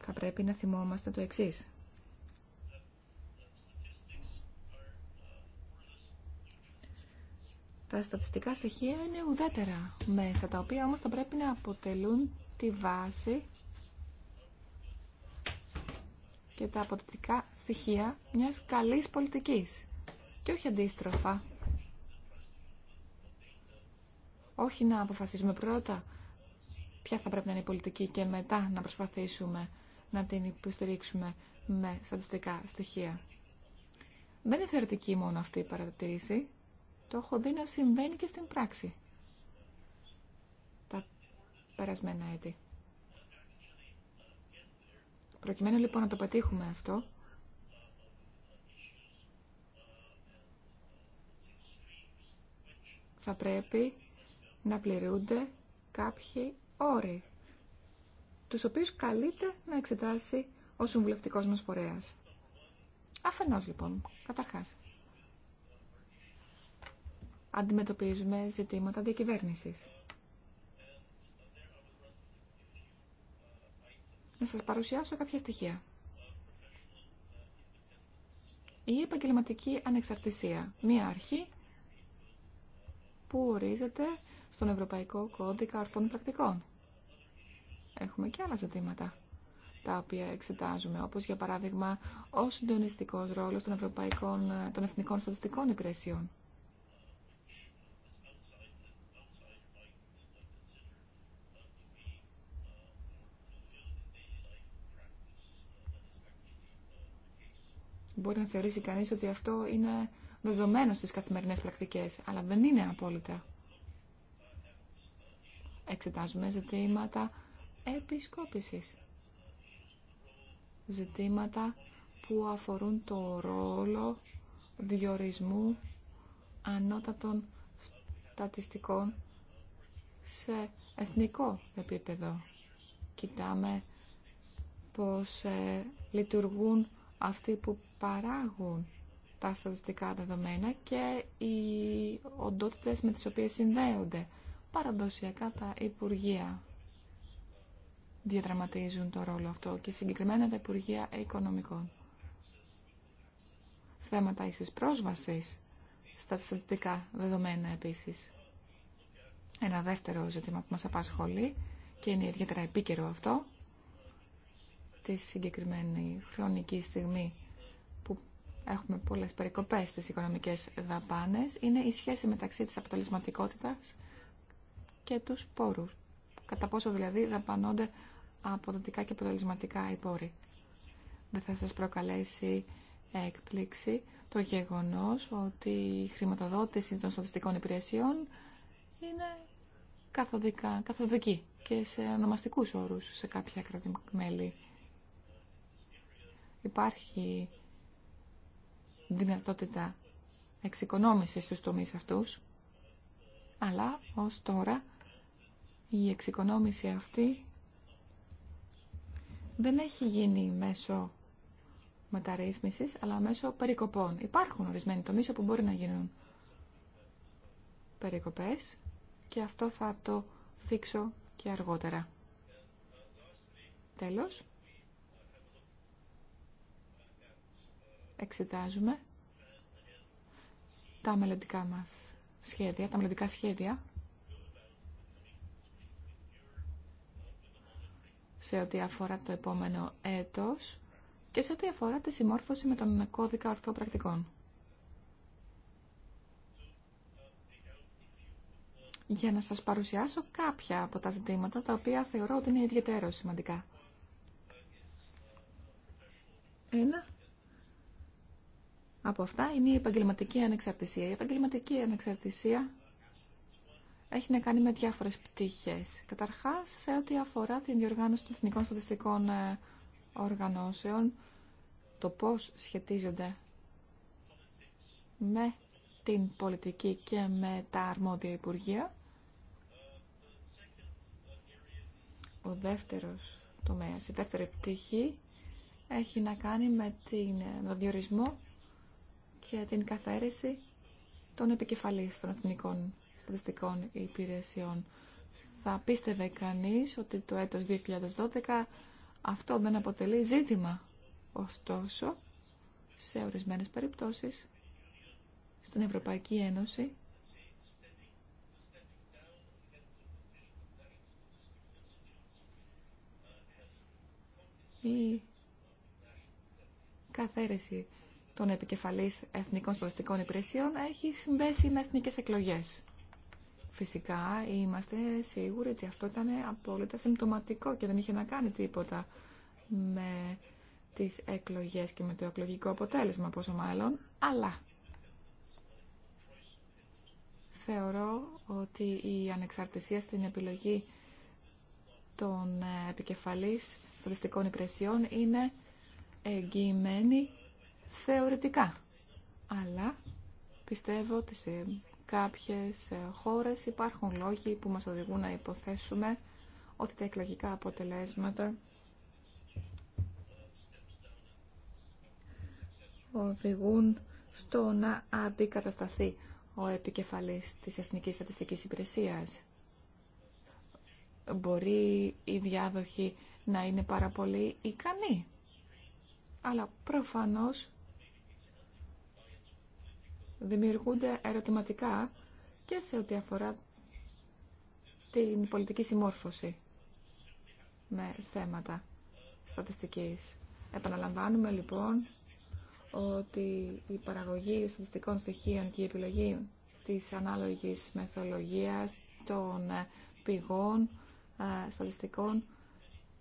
Θα πρέπει να θυμόμαστε το εξής. Τα στατιστικά στοιχεία είναι ουδέτερα μέσα, τα οποία όμως θα πρέπει να αποτελούν τη βάση και τα αποτελεστικά στοιχεία μιας καλής πολιτικής και όχι αντίστροφα. Όχι να αποφασίζουμε πρώτα ποια θα πρέπει να είναι η πολιτική και μετά να προσπαθήσουμε να την υποστηρίξουμε με στατιστικά στοιχεία. Δεν είναι θεωρητική μόνο αυτή η παρατηρήση. Το έχω δει να συμβαίνει και στην πράξη τα περασμένα έτη. Προκειμένου λοιπόν να το πετύχουμε αυτό, θα πρέπει να πληρούνται κάποιοι όροι, τους οποίους καλείται να εξετάσει ο συμβουλευτικός μας φορέας. Αφενός λοιπόν, καταρχάς αντιμετωπίζουμε ζητήματα διακυβέρνησης. Να σας παρουσιάσω κάποια στοιχεία. Η επαγγελματική ανεξαρτησία. Μία αρχή που ορίζεται στον Ευρωπαϊκό Κώδικα Αρθών Πρακτικών. Έχουμε και άλλα ζητήματα τα οποία εξετάζουμε, όπως για παράδειγμα ο συντονιστικός ρόλος των, ευρωπαϊκών, των εθνικών στατιστικών υπηρεσιών. Μπορεί να θεωρήσει κανείς ότι αυτό είναι δεδομένο στις καθημερινές πρακτικές, αλλά δεν είναι απόλυτα. Εξετάζουμε ζητήματα επισκόπησης. Ζητήματα που αφορούν το ρόλο διορισμού ανώτατων στατιστικών σε εθνικό επίπεδο. Κοιτάμε πώς ε, λειτουργούν αυτοί που παράγουν τα στατιστικά δεδομένα και οι οντότητες με τις οποίες συνδέονται. Παραδοσιακά τα Υπουργεία διαδραματίζουν το ρόλο αυτό και συγκεκριμένα τα Υπουργεία Οικονομικών. Θέματα ίσης πρόσβασης στα στατιστικά δεδομένα επίσης. Ένα δεύτερο ζήτημα που μας απασχολεί και είναι ιδιαίτερα επίκαιρο αυτό τη συγκεκριμένη χρονική στιγμή έχουμε πολλές περικοπές στις οικονομικές δαπάνες είναι η σχέση μεταξύ της αποτελεσματικότητας και τους πόρους. Κατά πόσο δηλαδή δαπανώνται αποδοτικά και αποτελεσματικά οι πόροι. Δεν θα σας προκαλέσει έκπληξη το γεγονός ότι η χρηματοδότηση των στατιστικών υπηρεσιών είναι καθοδικά, καθοδική και σε ονομαστικούς όρους σε κάποια κράτη-μέλη. Υπάρχει δυνατότητα εξοικονόμησης στους τομείς αυτούς, αλλά ως τώρα η εξοικονόμηση αυτή δεν έχει γίνει μέσω μεταρρύθμισης, αλλά μέσω περικοπών. Υπάρχουν ορισμένοι τομείς όπου μπορεί να γίνουν περικοπές και αυτό θα το θίξω και αργότερα. Τέλος. εξετάζουμε τα μελλοντικά μας σχέδια, τα μελλοντικά σχέδια σε ό,τι αφορά το επόμενο έτος και σε ό,τι αφορά τη συμμόρφωση με τον κώδικα ορθοπρακτικών. Για να σας παρουσιάσω κάποια από τα ζητήματα τα οποία θεωρώ ότι είναι ιδιαίτερο σημαντικά. Ένα από αυτά είναι η επαγγελματική ανεξαρτησία. Η επαγγελματική ανεξαρτησία έχει να κάνει με διάφορες πτυχές. Καταρχάς, σε ό,τι αφορά την διοργάνωση των εθνικών στατιστικών ε, οργανώσεων, το πώς σχετίζονται με την πολιτική και με τα αρμόδια υπουργεία. Ο δεύτερος τομέας, η δεύτερη πτυχή, έχει να κάνει με, με τον διορισμό και την καθαίρεση των επικεφαλής των εθνικών στατιστικών υπηρεσιών. Θα πίστευε κανείς ότι το έτος 2012 αυτό δεν αποτελεί ζήτημα. Ωστόσο, σε ορισμένες περιπτώσεις, στην Ευρωπαϊκή Ένωση, η καθαίρεση των επικεφαλής εθνικών στατιστικών υπηρεσιών έχει συμπέσει με εθνικές εκλογές. Φυσικά είμαστε σίγουροι ότι αυτό ήταν απόλυτα συμπτωματικό και δεν είχε να κάνει τίποτα με τις εκλογές και με το εκλογικό αποτέλεσμα πόσο μάλλον, αλλά θεωρώ ότι η ανεξαρτησία στην επιλογή των επικεφαλής στατιστικών υπηρεσιών είναι εγγυημένη θεωρητικά. Αλλά πιστεύω ότι σε κάποιες χώρες υπάρχουν λόγοι που μας οδηγούν να υποθέσουμε ότι τα εκλογικά αποτελέσματα οδηγούν στο να αντικατασταθεί ο επικεφαλής της Εθνικής Στατιστικής Υπηρεσίας. Μπορεί η διάδοχοι να είναι πάρα πολύ ικανή. Αλλά προφανώς δημιουργούνται ερωτηματικά και σε ό,τι αφορά την πολιτική συμμόρφωση με θέματα στατιστικής. Επαναλαμβάνουμε λοιπόν ότι η παραγωγή στατιστικών στοιχείων και η επιλογή της ανάλογης μεθολογίας των ε, πηγών ε, στατιστικών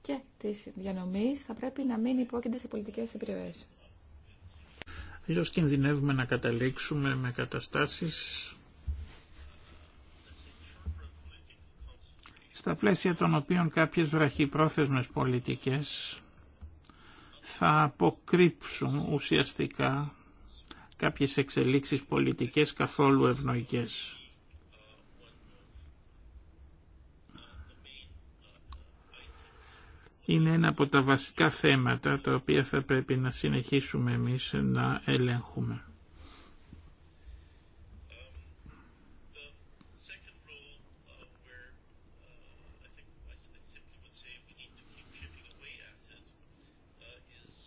και της διανομής θα πρέπει να μην υπόκεινται σε πολιτικές επιρροές. Αλλιώ κινδυνεύουμε να καταλήξουμε με καταστάσεις στα πλαίσια των οποίων κάποιες βραχυπρόθεσμες πολιτικές θα αποκρύψουν ουσιαστικά κάποιες εξελίξεις πολιτικές καθόλου ευνοϊκές. είναι ένα από τα βασικά θέματα τα οποία θα πρέπει να συνεχίσουμε εμείς να ελέγχουμε.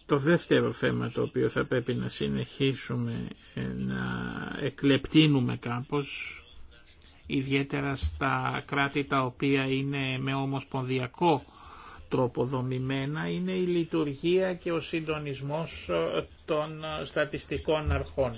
Το δεύτερο θέμα το οποίο θα πρέπει να συνεχίσουμε ε, να εκλεπτύνουμε κάπως, ιδιαίτερα στα κράτη τα οποία είναι με ομοσπονδιακό τρόπο δομημένα είναι η λειτουργία και ο συντονισμός ε, των ε, στατιστικών αρχών.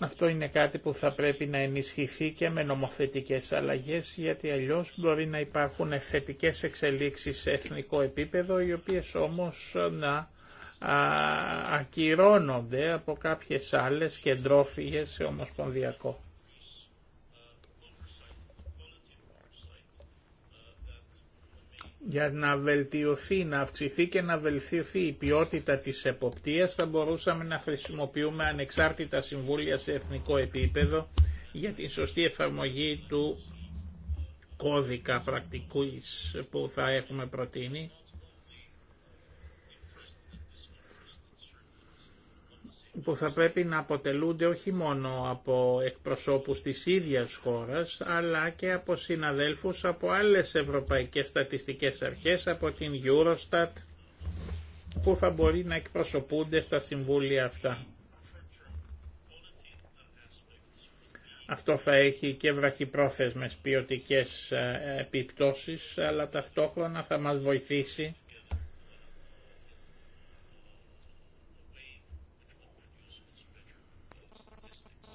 Αυτό είναι κάτι που θα πρέπει να ενισχυθεί και με νομοθετικές αλλαγές γιατί αλλιώς μπορεί να υπάρχουν θετικές εξελίξεις σε εθνικό επίπεδο οι οποίες όμως ε, να ακυρώνονται από κάποιες άλλες κεντρόφυγες σε ομοσπονδιακό. για να βελτιωθεί, να αυξηθεί και να βελτιωθεί η ποιότητα της εποπτείας θα μπορούσαμε να χρησιμοποιούμε ανεξάρτητα συμβούλια σε εθνικό επίπεδο για την σωστή εφαρμογή του κώδικα πρακτικούς που θα έχουμε προτείνει που θα πρέπει να αποτελούνται όχι μόνο από εκπροσώπους της ίδιας χώρας, αλλά και από συναδέλφους από άλλες ευρωπαϊκές στατιστικές αρχές, από την Eurostat, που θα μπορεί να εκπροσωπούνται στα συμβούλια αυτά. Αυτό θα έχει και βραχυπρόθεσμες ποιοτικές ε, επιπτώσεις, αλλά ταυτόχρονα θα μας βοηθήσει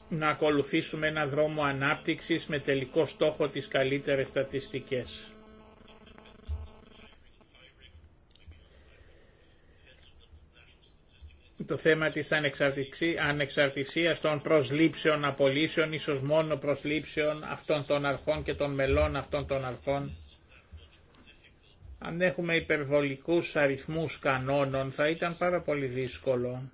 να ακολουθήσουμε ένα δρόμο ανάπτυξης με τελικό στόχο τις καλύτερες στατιστικές. Το θέμα της ανεξαρτησίας των προσλήψεων απολύσεων, ίσως μόνο προσλήψεων αυτών των αρχών και των μελών αυτών των αρχών. Αν έχουμε υπερβολικούς αριθμούς κανόνων θα ήταν πάρα πολύ δύσκολο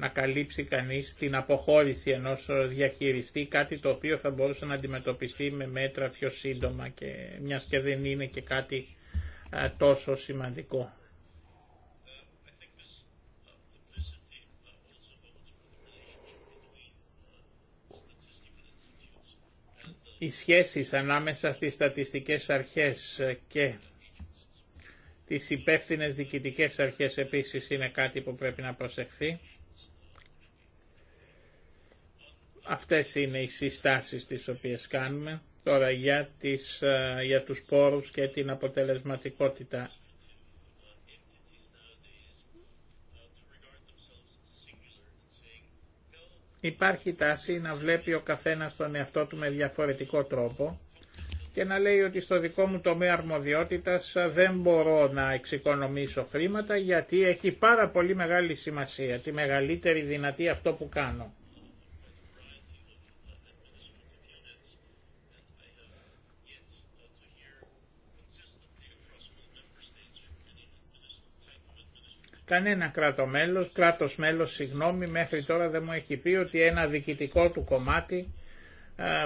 να καλύψει κανείς την αποχώρηση ενός διαχειριστή, κάτι το οποίο θα μπορούσε να αντιμετωπιστεί με μέτρα πιο σύντομα και μιας και δεν είναι και κάτι τόσο σημαντικό. οι σχέσεις ανάμεσα στις στατιστικές αρχές και τις υπεύθυνες διοικητικές αρχές επίσης είναι κάτι που πρέπει να προσεχθεί. Αυτές είναι οι συστάσεις τις οποίες κάνουμε. Τώρα για, τις, ε, για τους πόρους και την αποτελεσματικότητα. Υπάρχει τάση να βλέπει ο καθένας τον εαυτό του με διαφορετικό τρόπο και να λέει ότι στο δικό μου τομέα αρμοδιότητας δεν μπορώ να εξοικονομήσω χρήματα γιατί έχει πάρα πολύ μεγάλη σημασία, τη μεγαλύτερη δυνατή αυτό που κάνω. Κανένα κράτο μέλος, κράτος μέλος συγγνώμη, μέχρι τώρα δεν μου έχει πει ότι ένα διοικητικό του κομμάτι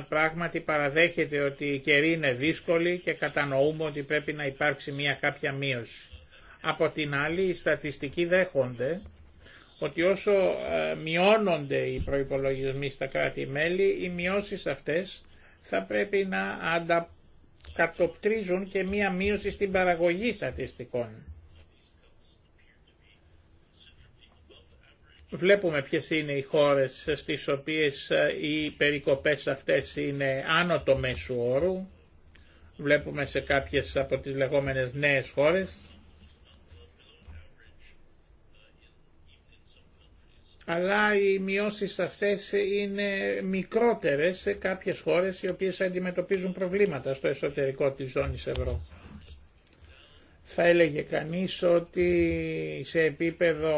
πράγματι παραδέχεται ότι οι καιροί είναι δύσκολοι και κατανοούμε ότι πρέπει να υπάρξει μια κάποια μείωση. Από την άλλη οι στατιστικοί δέχονται ότι όσο μειώνονται οι προϋπολογισμοί στα κράτη-μέλη, οι μειώσεις αυτές θα πρέπει να ανταποκατοπτρίζουν και μία μείωση στην παραγωγή στατιστικών. Βλέπουμε ποιες είναι οι χώρες στις οποίες ε, οι περικοπές αυτές είναι άνω το μέσου όρου. Βλέπουμε σε κάποιες από τις λεγόμενες νέες χώρες. Αλλά οι μειώσεις αυτές είναι μικρότερες σε κάποιες χώρες οι οποίες αντιμετωπίζουν προβλήματα στο εσωτερικό της ζώνης ευρώ θα έλεγε κανείς ότι σε επίπεδο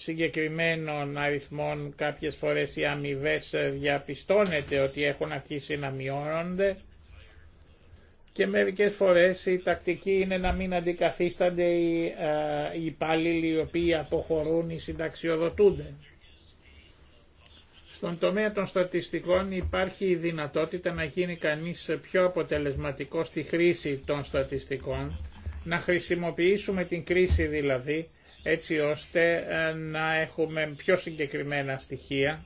συγκεκριμένων αριθμών κάποιες φορές οι αμοιβέ διαπιστώνεται ότι έχουν αρχίσει να μειώνονται και μερικές φορές η τακτική είναι να μην αντικαθίστανται οι, οι υπάλληλοι οι οποίοι αποχωρούν ή συνταξιοδοτούνται. Στον τομέα των στατιστικών υπάρχει η δυνατότητα να γίνει κανείς πιο αποτελεσματικό στη χρήση των στατιστικών, να χρησιμοποιήσουμε την κρίση δηλαδή έτσι ώστε ε, να έχουμε πιο συγκεκριμένα στοιχεία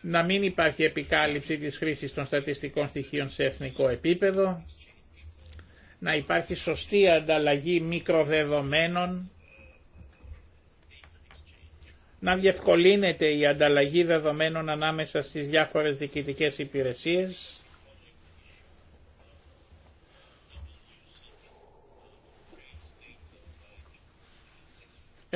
να μην υπάρχει επικάλυψη της χρήσης των στατιστικών στοιχείων σε εθνικό επίπεδο, να υπάρχει σωστή ανταλλαγή μικροδεδομένων, να διευκολύνεται η ανταλλαγή δεδομένων ανάμεσα στις διάφορες διοικητικές υπηρεσίες,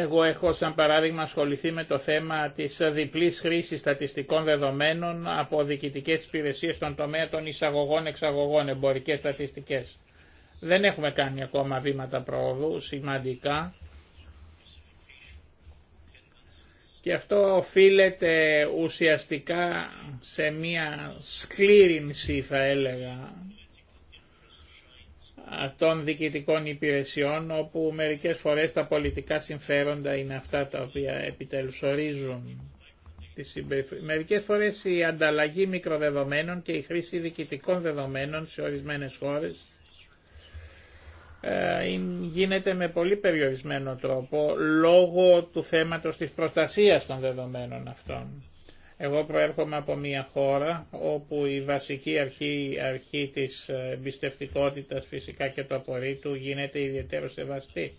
Εγώ έχω σαν παράδειγμα ασχοληθεί με το θέμα της διπλής χρήσης στατιστικών δεδομένων από διοικητικές υπηρεσίες στον τομέα των εισαγωγών-εξαγωγών εμπορικές στατιστικές. Δεν έχουμε κάνει ακόμα βήματα προόδου σημαντικά και αυτό οφείλεται ουσιαστικά σε μία σκλήρινση θα έλεγα των διοικητικών υπηρεσιών όπου μερικές φορές τα πολιτικά συμφέροντα είναι αυτά τα οποία επιτέλους ορίζουν. Μερικές φορές η ανταλλαγή μικροδεδομένων και η χρήση διοικητικών δεδομένων σε ορισμένες χώρες ε, γίνεται με πολύ περιορισμένο τρόπο λόγω του θέματος της προστασίας των δεδομένων αυτών. Εγώ προέρχομαι από μια χώρα όπου η βασική αρχή, αρχή της εμπιστευτικότητας φυσικά και του απορρίτου γίνεται ιδιαίτερο σεβαστή.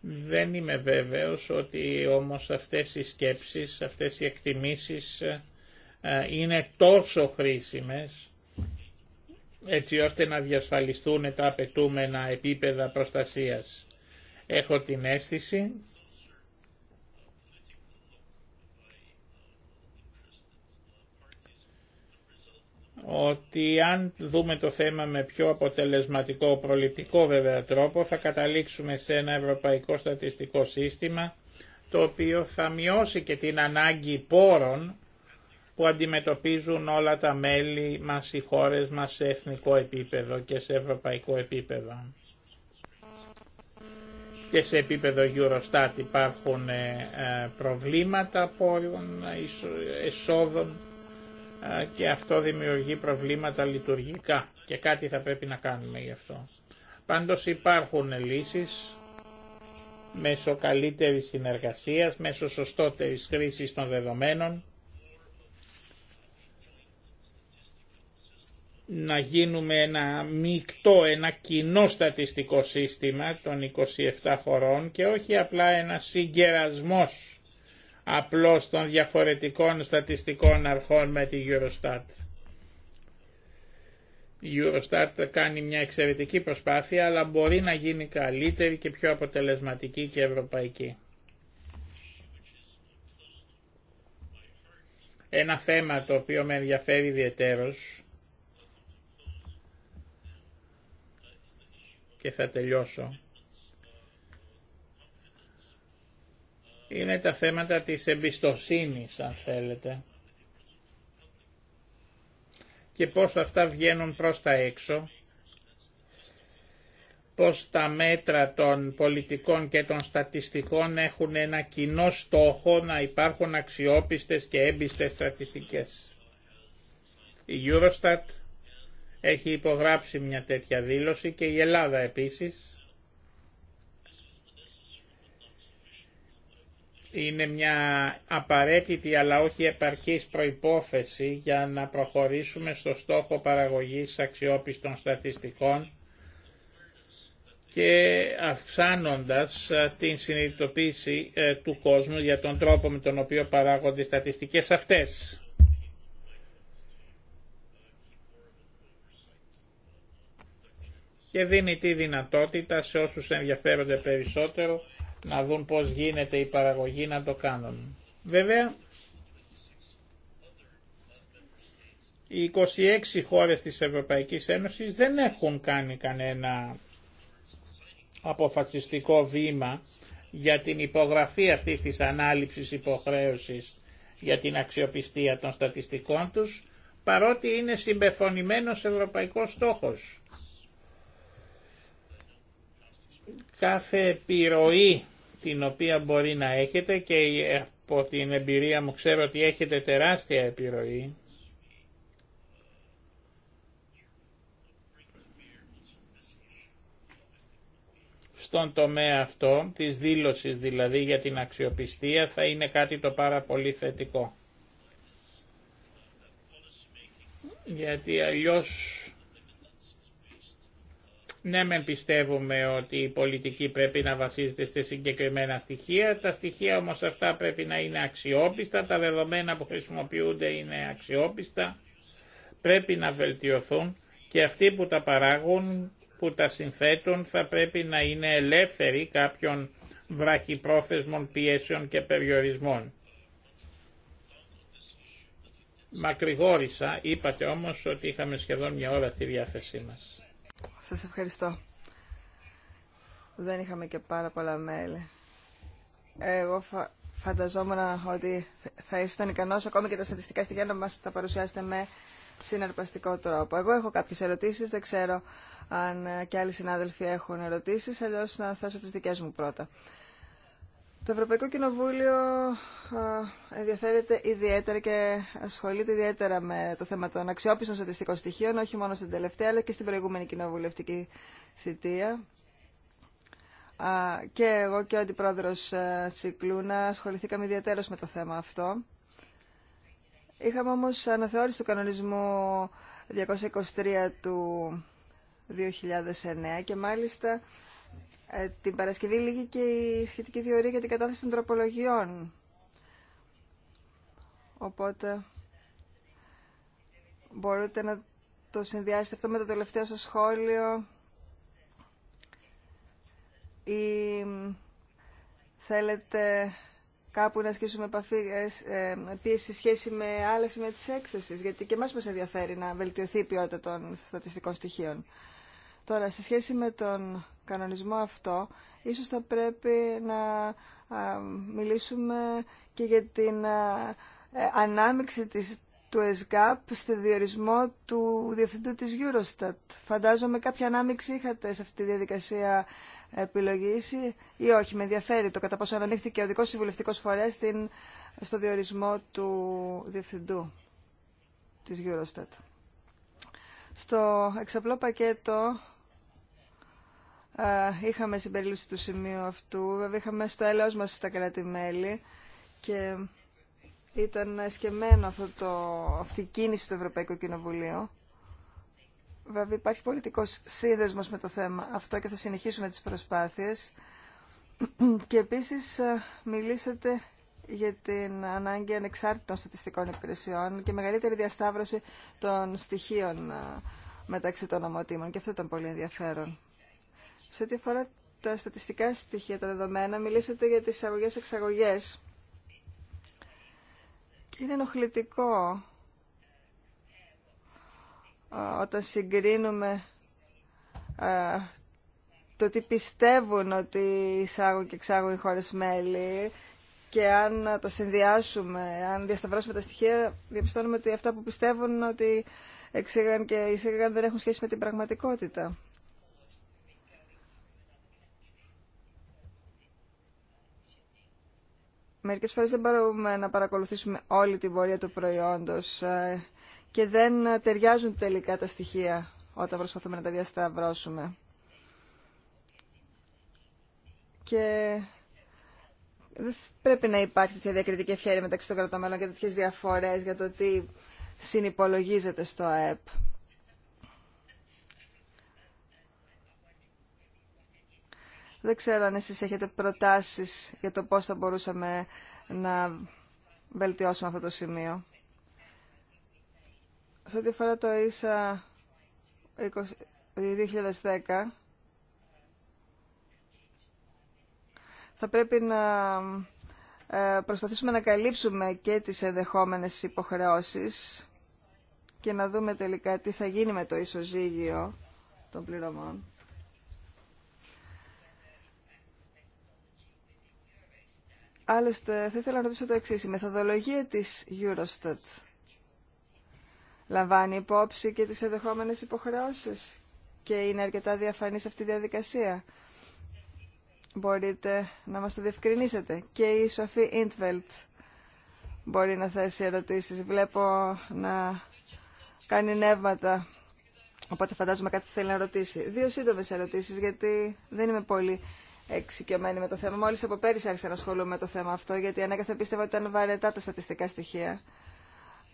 Δεν είμαι βέβαιος ότι όμως αυτές οι σκέψεις, αυτές οι εκτιμήσεις ε, είναι τόσο χρήσιμες έτσι ώστε να διασφαλιστούν τα απαιτούμενα επίπεδα προστασίας. Έχω την αίσθηση ότι αν δούμε το θέμα με πιο αποτελεσματικό, προληπτικό βέβαια τρόπο, θα καταλήξουμε σε ένα ευρωπαϊκό στατιστικό σύστημα, το οποίο θα μειώσει και την ανάγκη πόρων που αντιμετωπίζουν όλα τα μέλη μας, οι χώρες μας σε εθνικό επίπεδο και σε ευρωπαϊκό επίπεδο. Και σε επίπεδο Eurostat υπάρχουν ε, προβλήματα πόρων, ε, ε, εσόδων και αυτό δημιουργεί προβλήματα λειτουργικά και κάτι θα πρέπει να κάνουμε γι' αυτό. Πάντως υπάρχουν λύσεις μέσω καλύτερης συνεργασίας, μέσω σωστότερης χρήσης των δεδομένων, να γίνουμε ένα μεικτό, ένα κοινό στατιστικό σύστημα των 27 χωρών και όχι απλά ένα συγκερασμός απλώς των διαφορετικών στατιστικών αρχών με τη Eurostat. Η Eurostat κάνει μια εξαιρετική προσπάθεια, αλλά μπορεί να γίνει καλύτερη και πιο αποτελεσματική και ευρωπαϊκή. Ένα θέμα το οποίο με ενδιαφέρει ιδιαιτέρως και θα τελειώσω είναι τα θέματα της εμπιστοσύνης αν θέλετε και πώς αυτά βγαίνουν προς τα έξω, πώς τα μέτρα των πολιτικών και των στατιστικών έχουν ένα κοινό στόχο να υπάρχουν αξιόπιστες και έμπιστες στατιστικές. Η Eurostat έχει υπογράψει μια τέτοια δήλωση και η Ελλάδα επίσης είναι μια απαραίτητη αλλά όχι επαρκής προϋπόθεση για να προχωρήσουμε στο στόχο παραγωγής αξιόπιστων στατιστικών και αυξάνοντας ε, την συνειδητοποίηση ε, του κόσμου για τον τρόπο με τον οποίο παράγονται οι στατιστικές αυτές. Και δίνει τη δυνατότητα σε όσους ενδιαφέρονται περισσότερο να δουν πώς γίνεται η παραγωγή να το κάνουν. Βέβαια, οι 26 χώρες της Ευρωπαϊκής Ένωσης δεν έχουν κάνει κανένα αποφασιστικό βήμα για την υπογραφή αυτής της ανάληψης υποχρέωσης για την αξιοπιστία των στατιστικών τους, παρότι είναι συμπεφωνημένος ευρωπαϊκός στόχος. κάθε επιρροή την οποία μπορεί να έχετε και από την εμπειρία μου ξέρω ότι έχετε τεράστια επιρροή στον τομέα αυτό, της δήλωσης δηλαδή για την αξιοπιστία, θα είναι κάτι το πάρα πολύ θετικό. Γιατί αλλιώς ναι, μεν πιστεύουμε ότι η πολιτική πρέπει να βασίζεται σε συγκεκριμένα στοιχεία, τα στοιχεία όμως αυτά πρέπει να είναι αξιόπιστα, τα δεδομένα που χρησιμοποιούνται είναι αξιόπιστα, πρέπει να βελτιωθούν και αυτοί που τα παράγουν, που τα συνθέτουν θα πρέπει να είναι ελεύθεροι κάποιων βραχυπρόθεσμων πιέσεων και περιορισμών. Μακρηγόρησα, είπατε όμως ότι είχαμε σχεδόν μια ώρα στη διάθεσή μας. Σας ευχαριστώ. Δεν είχαμε και πάρα πολλά μέλη. Εγώ φα... φανταζόμουν ότι θα ήσασταν ικανός ακόμη και τα στατιστικά στοιχεία να μας τα παρουσιάσετε με συναρπαστικό τρόπο. Εγώ έχω κάποιες ερωτήσεις, δεν ξέρω αν και άλλοι συνάδελφοι έχουν ερωτήσεις, αλλιώς να θέσω τις δικές μου πρώτα. Το Ευρωπαϊκό Κοινοβούλιο ενδιαφέρεται ιδιαίτερα και ασχολείται ιδιαίτερα με το θέμα των αξιόπιστων στατιστικών στοιχείων, όχι μόνο στην τελευταία, αλλά και στην προηγούμενη κοινοβουλευτική θητεία. Και εγώ και ο αντιπρόεδρος ε, Τσικλούνα ασχοληθήκαμε ιδιαίτερα με το θέμα αυτό. Είχαμε όμως αναθεώρηση του κανονισμού 223 του 2009 και μάλιστα ε, την Παρασκευή λίγη και η σχετική θεωρία για την κατάθεση των τροπολογιών. Οπότε μπορείτε να το συνδυάσετε αυτό με το τελευταίο σας σχόλιο ή θέλετε κάπου να ασκήσουμε επαφή, ε, ε, πίεση σε σχέση με άλλα σημεία της έκθεσης, γιατί και εμάς μας ενδιαφέρει να βελτιωθεί η ποιότητα των στατιστικών στοιχείων. Τώρα, σε σχεση με αλλα με τις έκθεσεις, γιατι και εμας μας ενδιαφερει να βελτιωθει η ποιοτητα των στατιστικων στοιχειων τωρα σε σχεση με τον κανονισμό αυτό, ίσως θα πρέπει να μιλήσουμε και για την ε, ανάμειξη της, του ΕΣΓΑΠ στη διορισμό του διευθυντού της Eurostat. Φαντάζομαι κάποια ανάμειξη είχατε σε αυτή τη διαδικασία επιλογής ή όχι. Με ενδιαφέρει το κατά πόσο και ο δικός συμβουλευτικός φορέας στην, στο διορισμό του διευθυντού της Eurostat. Στο εξαπλό πακέτο είχαμε συμπερίληψη του σημείου αυτού. Βέβαια είχαμε στο έλεος μας στα κράτη-μέλη και ήταν εσκεμμένο αυτό το, αυτή η κίνηση του Ευρωπαϊκού Κοινοβουλίου. Βέβαια υπάρχει πολιτικός σύνδεσμος με το θέμα αυτό και θα συνεχίσουμε τις προσπάθειες. Και επίσης μιλήσατε για την ανάγκη ανεξάρτητων στατιστικών υπηρεσιών και μεγαλύτερη διασταύρωση των στοιχείων μεταξύ των ομοτήμων. Και αυτό ήταν πολύ ενδιαφέρον. Σε ό,τι αφορά τα στατιστικά στοιχεία, τα δεδομένα, μιλήσατε για τις εισαγωγές-εξαγωγές. Και είναι ενοχλητικό όταν συγκρίνουμε α, το ότι πιστεύουν ότι εισάγουν και εξάγουν οι χώρες μέλη και αν το συνδυάσουμε, αν διασταυρώσουμε τα στοιχεία, διαπιστώνουμε ότι αυτά που πιστεύουν ότι εξήγαν και εισήγαν δεν έχουν σχέση με την πραγματικότητα. μερικές φορές δεν μπορούμε να παρακολουθήσουμε όλη την πορεία του προϊόντος ε, και δεν ταιριάζουν τελικά τα στοιχεία όταν προσπαθούμε να τα διασταυρώσουμε. Και δεν πρέπει να υπάρχει τέτοια διακριτική ευχαίρεια μεταξύ των κρατών και τέτοιες διαφορές για το τι συνυπολογίζεται στο ΑΕΠ. Δεν ξέρω αν εσείς έχετε προτάσεις για το πώς θα μπορούσαμε να βελτιώσουμε αυτό το σημείο. Σε ό,τι αφορά το ίσα 2010, θα πρέπει να ε, προσπαθήσουμε να καλύψουμε και τις ενδεχόμενες υποχρεώσεις και να δούμε τελικά τι θα γίνει με το ισοζύγιο των πληρωμών. Άλλωστε, θα ήθελα να ρωτήσω το εξή. Η μεθοδολογία της Eurostat λαμβάνει υπόψη και τις ενδεχόμενε υποχρεώσεις και είναι αρκετά διαφανής αυτή η διαδικασία. Μπορείτε να μας το διευκρινίσετε. Και η Σοφή Ιντβελτ μπορεί να θέσει ερωτήσεις. Βλέπω να κάνει νεύματα, οπότε φαντάζομαι κάτι θέλει να ρωτήσει. Δύο σύντομες ερωτήσεις, γιατί δεν είμαι πολύ εξοικειωμένοι με το θέμα. Μόλι από πέρυσι άρχισα να ασχολούμαι με το θέμα αυτό, γιατί ανέκαθεν πίστευα ότι ήταν βαρετά τα στατιστικά στοιχεία.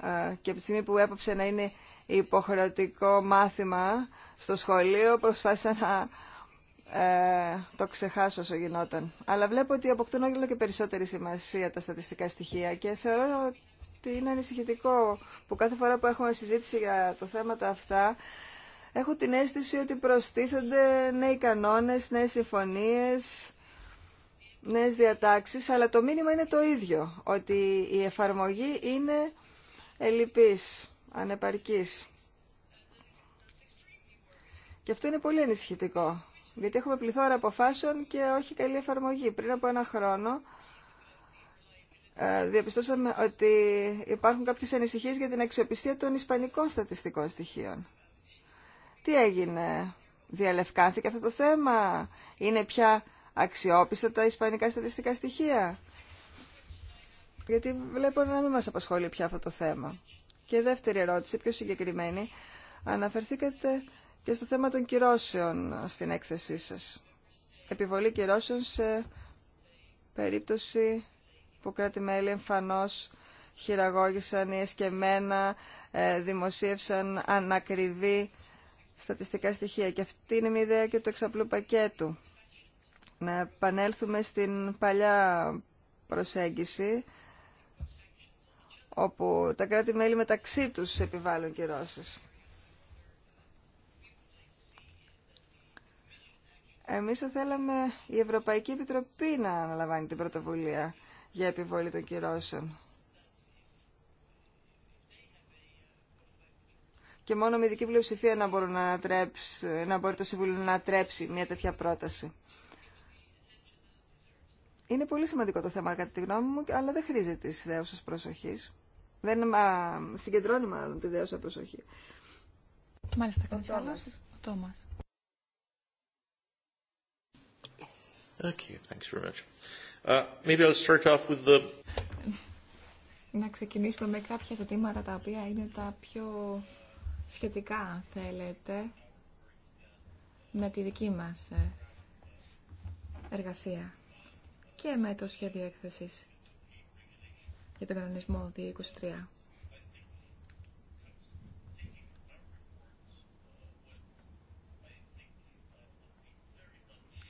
Ε, και από τη στιγμή που έπαψε να είναι υποχρεωτικό μάθημα στο σχολείο, προσπάθησα να ε, το ξεχάσω όσο γινόταν. Αλλά βλέπω ότι αποκτούν όλο και περισσότερη σημασία τα στατιστικά στοιχεία και θεωρώ ότι είναι ανησυχητικό που κάθε φορά που έχουμε συζήτηση για τα θέματα αυτά έχω την αίσθηση ότι προστίθενται νέοι κανόνες, νέες συμφωνίες, νέες διατάξεις, αλλά το μήνυμα είναι το ίδιο, ότι η εφαρμογή είναι ελλειπής, ανεπαρκής. Και αυτό είναι πολύ ανησυχητικό, γιατί έχουμε πληθώρα αποφάσεων και όχι καλή εφαρμογή. Πριν από ένα χρόνο ε, διαπιστώσαμε ότι υπάρχουν κάποιες ανησυχίες για την αξιοπιστία των ισπανικών στατιστικών στοιχείων τι έγινε, διαλευκάνθηκε αυτό το θέμα, είναι πια αξιόπιστα τα ισπανικά στατιστικά στοιχεία. Γιατί βλέπω να μην μας απασχολεί πια αυτό το θέμα. Και δεύτερη ερώτηση, πιο συγκεκριμένη, αναφερθήκατε και στο θέμα των κυρώσεων στην έκθεσή σας. Επιβολή κυρώσεων σε περίπτωση που κράτη-μέλη εμφανώς χειραγώγησαν ή εσκεμμένα ε, δημοσίευσαν ανακριβή στατιστικά στοιχεία. Και αυτή είναι μια ιδέα και του εξαπλού πακέτου. Να επανέλθουμε στην παλιά προσέγγιση, όπου τα κράτη-μέλη μεταξύ τους επιβάλλουν κυρώσεις. Εμείς θα θέλαμε η Ευρωπαϊκή Επιτροπή να αναλαμβάνει την πρωτοβουλία για επιβολή των κυρώσεων. και μόνο με δική πλειοψηφία να, να, να μπορεί το Συμβούλιο να τρέψει μια τέτοια πρόταση. Είναι πολύ σημαντικό το θέμα κατά τη γνώμη μου, αλλά δεν χρήζεται τη προσοχή. Δεν α, συγκεντρώνει μάλλον τη δεωσα προσοχή. Μάλιστα, κάτι άλλο. Τόμα. thanks very uh, Να ξεκινήσουμε με κάποια ζητήματα τα οποία είναι τα πιο σχετικά, αν θέλετε, με τη δική μας ε, εργασία και με το σχέδιο έκθεσης για τον κανονισμό 23.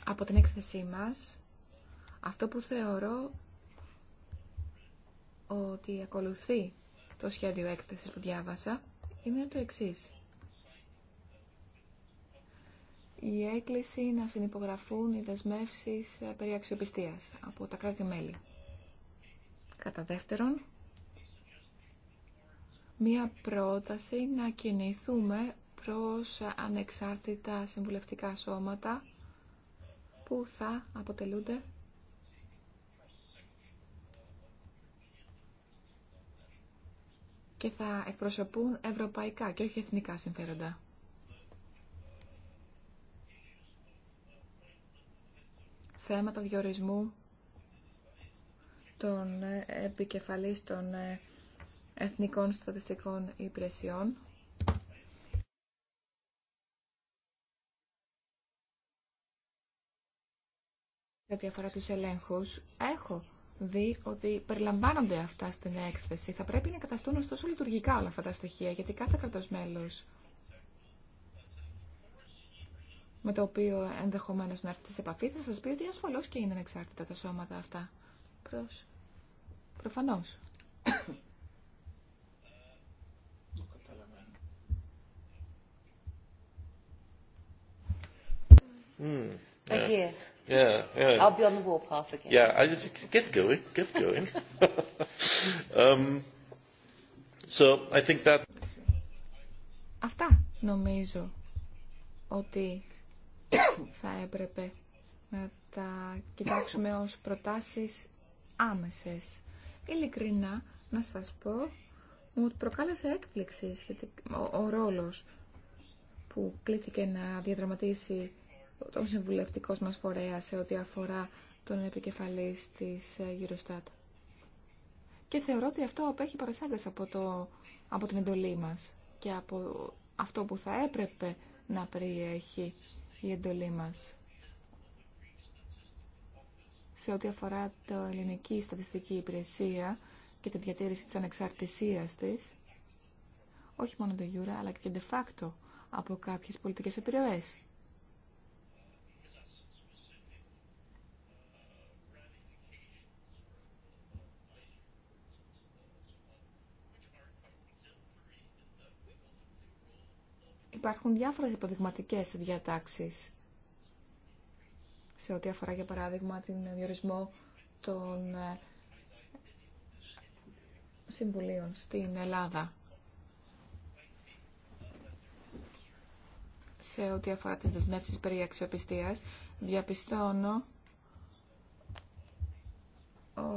Από την έκθεσή μας, αυτό που θεωρώ ότι ακολουθεί το σχέδιο έκθεσης που διάβασα, είναι το εξής. Η έκκληση να συνυπογραφούν οι δεσμεύσει ε, περί αξιοπιστίας από τα κράτη-μέλη. Κατά δεύτερον, μία πρόταση να κινηθούμε προς ανεξάρτητα συμβουλευτικά σώματα που θα αποτελούνται και θα εκπροσωπούν ευρωπαϊκά και όχι εθνικά συμφέροντα. Θέματα διορισμού των επικεφαλής των εθνικών στατιστικών υπηρεσιών. Σε ό,τι αφορά τους ελέγχους, έχω δει ότι περιλαμβάνονται αυτά στην έκθεση. Θα πρέπει να καταστούν ωστόσο λειτουργικά όλα αυτά τα στοιχεία, γιατί κάθε κρατός μέλος με το οποίο ενδεχομένως να έρθει σε επαφή θα σας πει ότι ασφαλώς και είναι ανεξάρτητα τα σώματα αυτά. Προς... Προφανώς. [COUGHS] Mm, Yeah, yeah. I'll be on the warpath again. Yeah, I just get going, get going. [LAUGHS] um, so I think that. Αυτά νομίζω ότι θα έπρεπε να τα κοιτάξουμε ως προτάσεις άμεσες. Ειλικρινά, να σας πω, μου προκάλεσε έκπληξη σχετικά, ο, ο ρόλος που κλήθηκε να διαδραματίσει ο συμβουλευτικός μας φορέας σε ό,τι αφορά τον επικεφαλής της ε, Eurostat. Και θεωρώ ότι αυτό απέχει παρασάγκα από, από την εντολή μας και από αυτό που θα έπρεπε να περιέχει η εντολή μας. Σε ό,τι αφορά το ελληνική στατιστική υπηρεσία και τη διατήρηση της ανεξαρτησίας της, όχι μόνο το Γιούρα αλλά και de facto από κάποιες πολιτικές επιρροές. υπάρχουν διάφορες υποδειγματικές διατάξεις σε ό,τι αφορά για παράδειγμα την διορισμό των ε, συμβουλίων στην Ελλάδα. Σε ό,τι αφορά τις δεσμεύσεις περί αξιοπιστίας, διαπιστώνω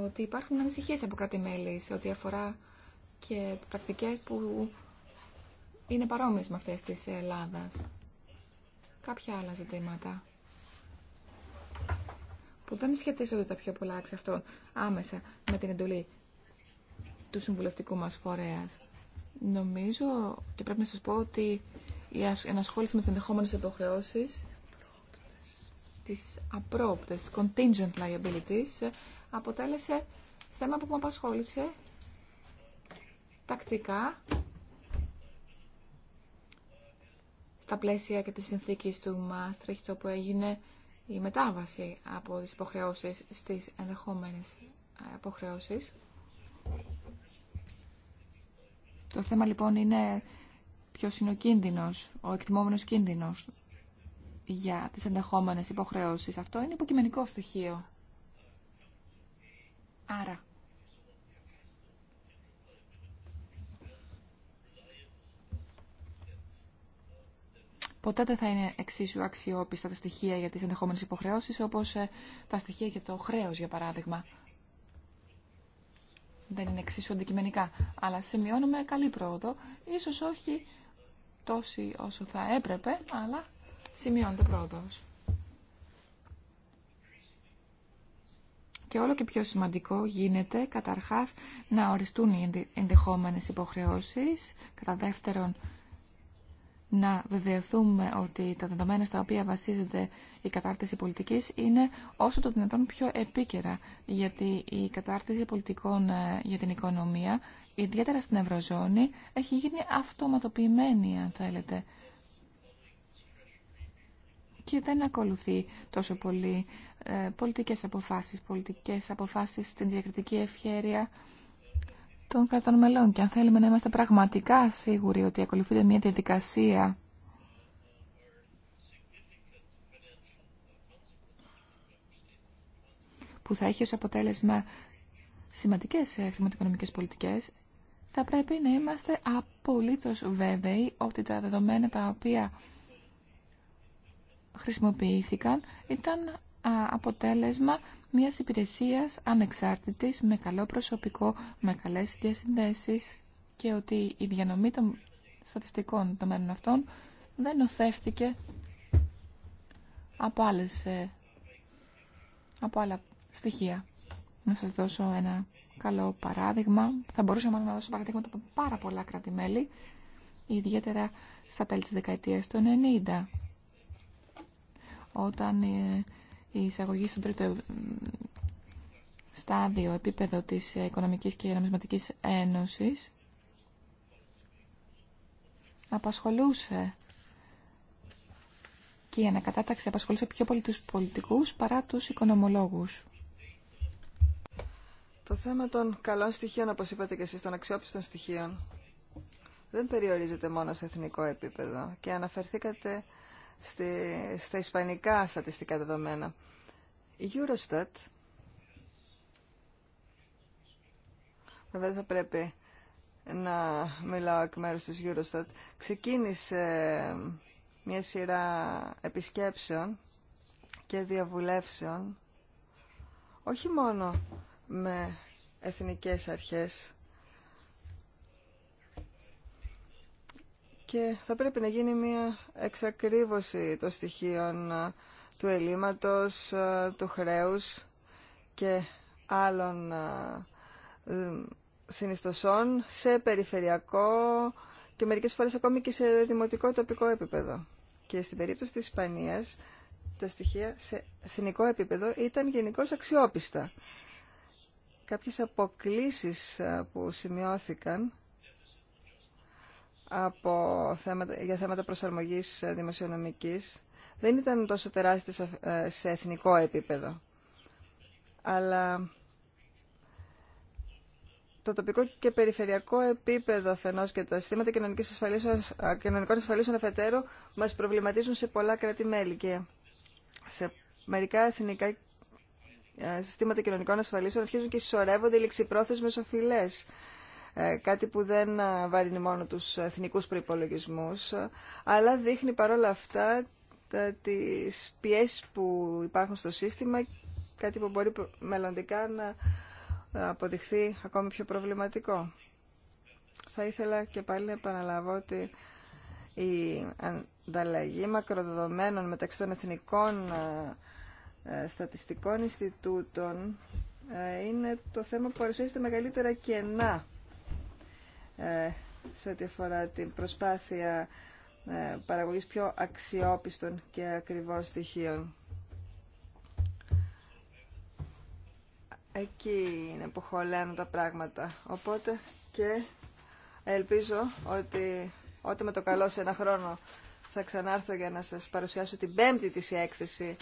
ότι υπάρχουν ανησυχίες από κράτη-μέλη σε ό,τι αφορά και πρακτικές που είναι παρόμοιε με αυτέ τη Ελλάδα. Κάποια άλλα ζητήματα που δεν σχετίζονται τα πιο πολλά εξ αυτών άμεσα με την εντολή του συμβουλευτικού μας φορέας. Νομίζω και πρέπει να σας πω ότι η ενασχόληση με τις ενδεχόμενες υποχρεώσεις τις απρόπτες contingent liabilities αποτέλεσε θέμα που με απασχόλησε τακτικά στα πλαίσια και τη συνθήκη του Μάστρεχτ, όπου έγινε η μετάβαση από τις υποχρεώσεις στις ενδεχόμενες υποχρεώσεις. Ε, Το θέμα λοιπόν είναι ποιος είναι ο κίνδυνος, ο εκτιμόμενος κίνδυνος για τις ενδεχόμενες υποχρεώσεις. Αυτό είναι υποκειμενικό στοιχείο. Άρα, ποτέ δεν θα είναι εξίσου αξιόπιστα τα στοιχεία για τις ενδεχόμενες υποχρεώσεις όπως ε, τα στοιχεία για το χρέος για παράδειγμα. Δεν είναι εξίσου αντικειμενικά, αλλά σημειώνουμε καλή πρόοδο, ίσως όχι τόση όσο θα έπρεπε, αλλά σημειώνεται πρόοδο. και όλο και πιο σημαντικό γίνεται καταρχάς να οριστούν οι ενδεχόμενες υποχρεώσεις, κατά δεύτερον να βεβαιωθούμε ότι τα δεδομένα στα οποία βασίζεται η κατάρτιση πολιτικής είναι όσο το δυνατόν πιο επίκαιρα, γιατί η κατάρτιση πολιτικών ε, για την οικονομία, ιδιαίτερα στην Ευρωζώνη, έχει γίνει αυτοματοποιημένη, αν θέλετε, και δεν ακολουθεί τόσο πολύ ε, πολιτικές αποφάσεις, πολιτικές αποφάσεις στην διακριτική ευχέρεια, των κρατών μελών. Και αν θέλουμε να είμαστε πραγματικά σίγουροι ότι ακολουθείται μια διαδικασία που θα έχει ως αποτέλεσμα σημαντικές χρηματοοικονομικές πολιτικές, θα πρέπει να είμαστε απολύτως βέβαιοι ότι τα δεδομένα τα οποία χρησιμοποιήθηκαν ήταν αποτέλεσμα μιας υπηρεσίας ανεξάρτητης με καλό προσωπικό, με καλές διασυνδέσεις και ότι η διανομή των στατιστικών τομέων αυτών δεν οθεύτηκε από, άλλες, ε, από άλλα στοιχεία. Να σας δώσω ένα καλό παράδειγμα. Θα μπορούσαμε να δώσω παραδείγματα από πάρα πολλά κράτη-μέλη, ιδιαίτερα στα τέλη της δεκαετίας του 90, όταν ε, η εισαγωγή στον τρίτο στάδιο επίπεδο της Οικονομικής και Νομισματικής Ένωσης απασχολούσε και η ανακατάταξη απασχολούσε πιο πολύ τους πολιτικούς παρά τους οικονομολόγους. Το θέμα των καλών στοιχείων, όπως είπατε και εσείς, των αξιόπιστων στοιχείων, δεν περιορίζεται μόνο σε εθνικό επίπεδο και αναφερθήκατε στη, στα ισπανικά στατιστικά δεδομένα. Η Eurostat, βέβαια θα πρέπει να μιλάω εκ μέρους της Eurostat, ξεκίνησε μια σειρά επισκέψεων και διαβουλεύσεων, όχι μόνο με εθνικές αρχές, και θα πρέπει να γίνει μια εξακρίβωση των στοιχείων ε, του ελλείμματος, ε, του χρέους και άλλων ε, συνιστοσών σε περιφερειακό και μερικές φορές ακόμη και σε δημοτικό τοπικό επίπεδο. Και στην περίπτωση της Ισπανίας τα στοιχεία σε εθνικό επίπεδο ήταν γενικώ αξιόπιστα. Κάποιες αποκλήσεις που σημειώθηκαν από θέματα, για θέματα προσαρμογής ε, δημοσιονομικής δεν ήταν τόσο τεράστιες ε, σε εθνικό επίπεδο. Αλλά το τοπικό και περιφερειακό επίπεδο αφενό και τα συστήματα ε, κοινωνικών ασφαλίσεων αφετέρου μας προβληματίζουν σε πολλά κράτη-μέλη και σε μερικά εθνικά συστήματα κοινωνικών ασφαλίσεων αρχίζουν και συσσωρεύονται οι ληξιπρόθεσμες οφειλές ε, κάτι που δεν ε, βαρύνει μόνο τους εθνικούς προϋπολογισμούς, αλλά δείχνει παρόλα αυτά ε, τις πιέσεις που υπάρχουν στο σύστημα, κάτι που μπορεί μελλοντικά να αποδειχθεί ακόμη πιο προβληματικό. Θα ήθελα και πάλι να επαναλάβω ότι η ανταλλαγή μακροδεδομένων μεταξύ των εθνικών στατιστικών Ινστιτούτων είναι το θέμα που παρουσιάζεται μεγαλύτερα κενά ε, σε ό,τι αφορά την προσπάθεια ε, παραγωγής πιο αξιόπιστων και ακριβών στοιχείων. Εκεί είναι που χωλένουν τα πράγματα. Οπότε και ελπίζω ότι ότι με το καλό σε ένα χρόνο θα ξανάρθω για να σας παρουσιάσω την πέμπτη της έκθεση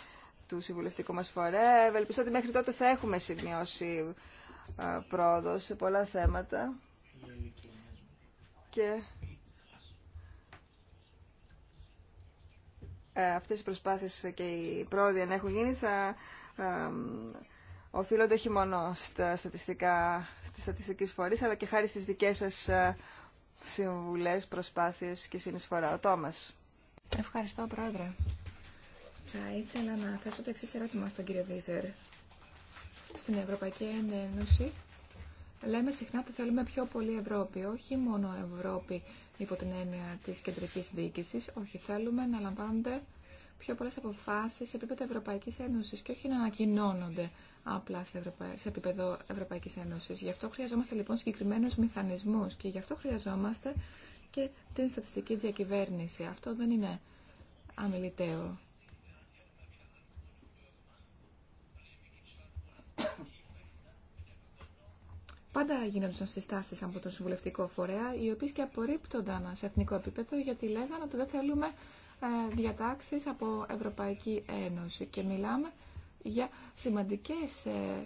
του συμβουλευτικού μας Φορέ. Ελπίζω ότι μέχρι τότε θα έχουμε σημειώσει ε, πρόοδο σε πολλά θέματα και ε, αυτές οι προσπάθειες και οι πρόοδοι αν έχουν γίνει θα οφείλονται όχι μόνο στα στατιστικά, στις στατιστικές φορείς αλλά και χάρη στις δικές σας ε, συμβουλές, προσπάθειες και συνεισφορά. Ο Τόμας. Ευχαριστώ Πρόεδρε. Θα ήθελα να θέσω το εξή ερώτημα στον κύριο Βίζερ. Στην Ευρωπαϊκή Ένωση λέμε συχνά ότι θέλουμε πιο πολύ Ευρώπη, όχι μόνο Ευρώπη υπό την έννοια της κεντρικής διοίκησης, όχι θέλουμε να λαμβάνονται πιο πολλές αποφάσεις σε επίπεδο Ευρωπαϊκής Ένωση και όχι να ανακοινώνονται απλά σε, επίπεδο Ευρωπαϊκής Ένωση. Γι' αυτό χρειαζόμαστε λοιπόν συγκεκριμένους μηχανισμού. και γι' αυτό χρειαζόμαστε και την στατιστική διακυβέρνηση. Αυτό δεν είναι αμιλητέο. Πάντα γίνονταν συστάσει από τον συμβουλευτικό φορέα, οι οποίε και απορρίπτονταν σε εθνικό επίπεδο, γιατί λέγανε ότι δεν θέλουμε ε, διατάξεις από Ευρωπαϊκή Ένωση. Και μιλάμε για σημαντικές ε,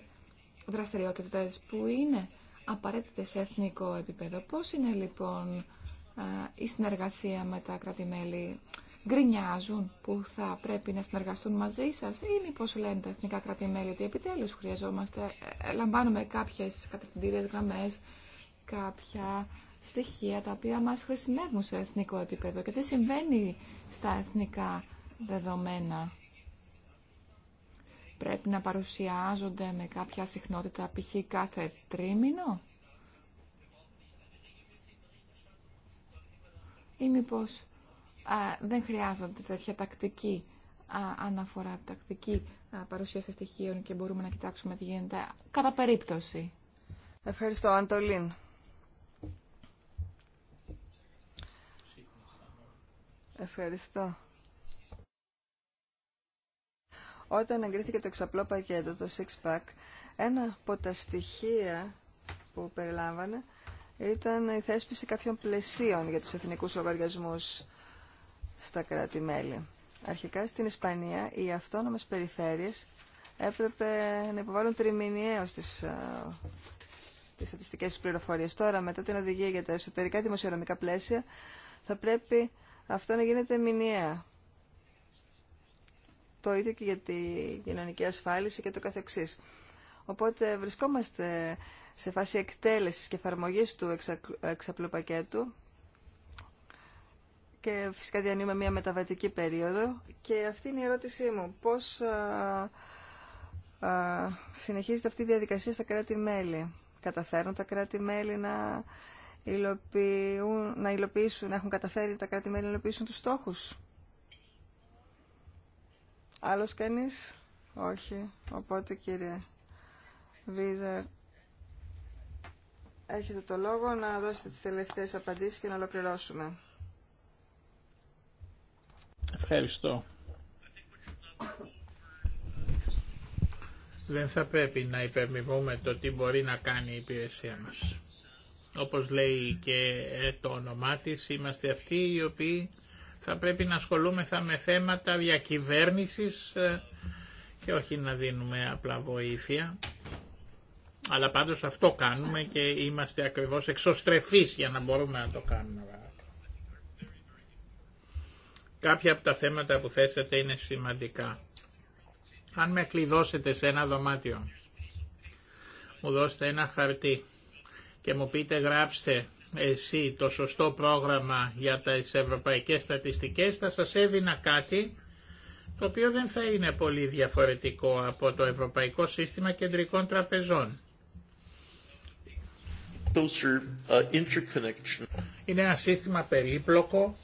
δραστηριότητε που είναι απαραίτητε σε εθνικό επίπεδο. Πώ είναι λοιπόν ε, η συνεργασία με τα κράτη-μέλη γκρινιάζουν που θα πρέπει να συνεργαστούν μαζί σας ή μήπω λένε τα εθνικά κράτη-μέλη ότι επιτέλους χρειαζόμαστε, ε, ε, λαμβάνουμε κάποιε κατευθυντήριε γραμμέ, κάποια στοιχεία τα οποία μας χρησιμεύουν σε εθνικό επίπεδο και τι συμβαίνει στα εθνικά δεδομένα. Πρέπει να παρουσιάζονται με κάποια συχνότητα π.χ. κάθε τρίμηνο. Ή μήπως δεν χρειάζονται τέτοια τακτική αναφορά, τακτική παρουσίαση στοιχείων και μπορούμε να κοιτάξουμε τι γίνεται κατά περίπτωση. Ευχαριστώ, Αντολίν. Ευχαριστώ. Όταν εγκρίθηκε το εξαπλό πακέτο, το six pack, ένα από τα στοιχεία που περιλάμβανε ήταν η θέσπιση κάποιων πλαισίων για τους εθνικούς λογαριασμούς στα κράτη-μέλη. Αρχικά στην Ισπανία οι αυτόνομες περιφέρειες έπρεπε να υποβάλουν τριμηνιαίως τις, ε, τις στατιστικές τους πληροφορίες. Τώρα μετά την οδηγία για τα εσωτερικά δημοσιονομικά πλαίσια θα πρέπει αυτό να γίνεται μηνιαία. Το ίδιο και για την κοινωνική ασφάλιση και το καθεξής. Οπότε βρισκόμαστε σε φάση εκτέλεσης και εφαρμογής του εξαπλού πακέτου και φυσικά διανύουμε μια μεταβατική περίοδο και αυτή είναι η ερώτησή μου. Πώς α, α, συνεχίζεται αυτή η διαδικασία στα κράτη-μέλη. Καταφέρουν τα κράτη-μέλη να, να υλοποιήσουν, να έχουν καταφέρει τα κράτη-μέλη να υλοποιήσουν τους στόχους. Άλλος κανείς? Όχι. Οπότε κύριε Βίζαρ, έχετε το λόγο να δώσετε τις τελευταίες απαντήσεις και να ολοκληρώσουμε. Ευχαριστώ. Δεν θα πρέπει να υπερμιβούμε το τι μπορεί να κάνει η υπηρεσία μας. Όπως λέει και ε, το όνομά της, είμαστε αυτοί οι οποίοι θα πρέπει να ασχολούμεθα με θέματα διακυβέρνησης ε, και όχι να δίνουμε απλά βοήθεια. Αλλά πάντως αυτό κάνουμε και είμαστε ακριβώς εξωστρεφείς για να μπορούμε να το κάνουμε. Κάποια από τα θέματα που θέσατε είναι σημαντικά. Αν με κλειδώσετε σε ένα δωμάτιο, μου δώσετε ένα χαρτί και μου πείτε γράψτε εσύ το σωστό πρόγραμμα για τις ευρωπαϊκές στατιστικές, θα σας έδινα κάτι το οποίο δεν θα είναι πολύ διαφορετικό από το Ευρωπαϊκό Σύστημα Κεντρικών Τραπεζών. Uh, είναι ένα σύστημα περίπλοκο,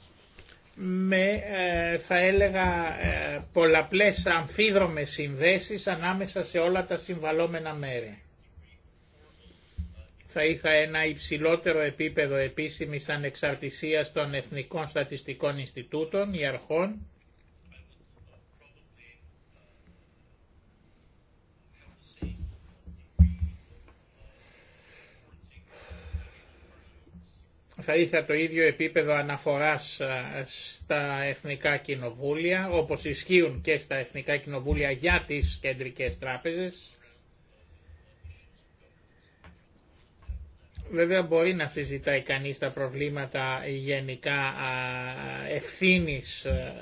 με ε, θα έλεγα ε, πολλαπλές αμφίδρομες συνδέσεις ανάμεσα σε όλα τα συμβαλόμενα μέρη. Θα είχα ένα υψηλότερο επίπεδο επίσημης ανεξαρτησίας των Εθνικών Στατιστικών Ινστιτούτων ή Αρχών θα είχα το ίδιο επίπεδο αναφοράς ε, στα εθνικά κοινοβούλια, όπως ισχύουν και στα εθνικά κοινοβούλια για τις κεντρικές τράπεζες. Βέβαια μπορεί να συζητάει κανείς τα προβλήματα γενικά ευθύνης ε,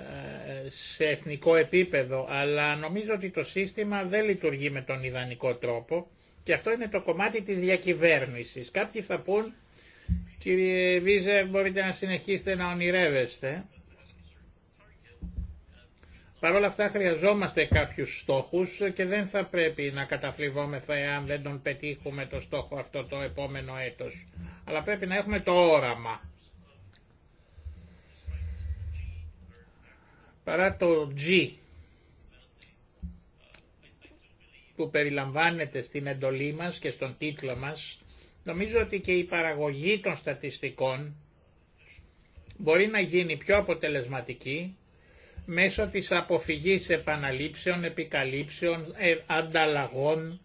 σε εθνικό επίπεδο, αλλά νομίζω ότι το σύστημα δεν λειτουργεί με τον ιδανικό τρόπο και αυτό είναι το κομμάτι της διακυβέρνησης. Κάποιοι θα πούν Κύριε Βίζε, μπορείτε να συνεχίσετε να ονειρεύεστε. Παρ' όλα αυτά χρειαζόμαστε κάποιους στόχους και δεν θα πρέπει να καταφλιβόμεθα εάν δεν τον πετύχουμε το στόχο αυτό το επόμενο έτος. Αλλά πρέπει να έχουμε το όραμα. Παρά το G που περιλαμβάνεται στην εντολή μας και στον τίτλο μας, Νομίζω ότι και η παραγωγή των στατιστικών μπορεί να γίνει πιο αποτελεσματική μέσω της αποφυγής επαναλήψεων, επικαλύψεων, ε, ανταλλαγών,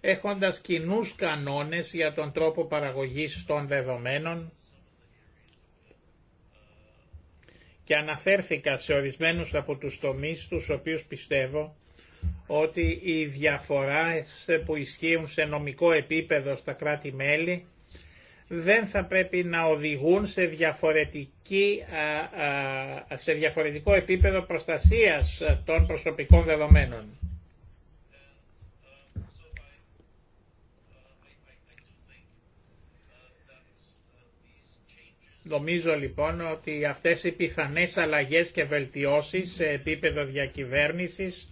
έχοντας κοινούς κανόνες για τον τρόπο παραγωγής των δεδομένων και αναφέρθηκα σε ορισμένους από τους τομείς τους οποίους πιστεύω ότι οι διαφοράς που ισχύουν σε νομικό επίπεδο στα κράτη-μέλη δεν θα πρέπει να οδηγούν σε, διαφορετική, σε διαφορετικό επίπεδο προστασίας των προσωπικών δεδομένων. Νομίζω λοιπόν ότι αυτές οι πιθανές αλλαγές και βελτιώσεις σε επίπεδο διακυβέρνησης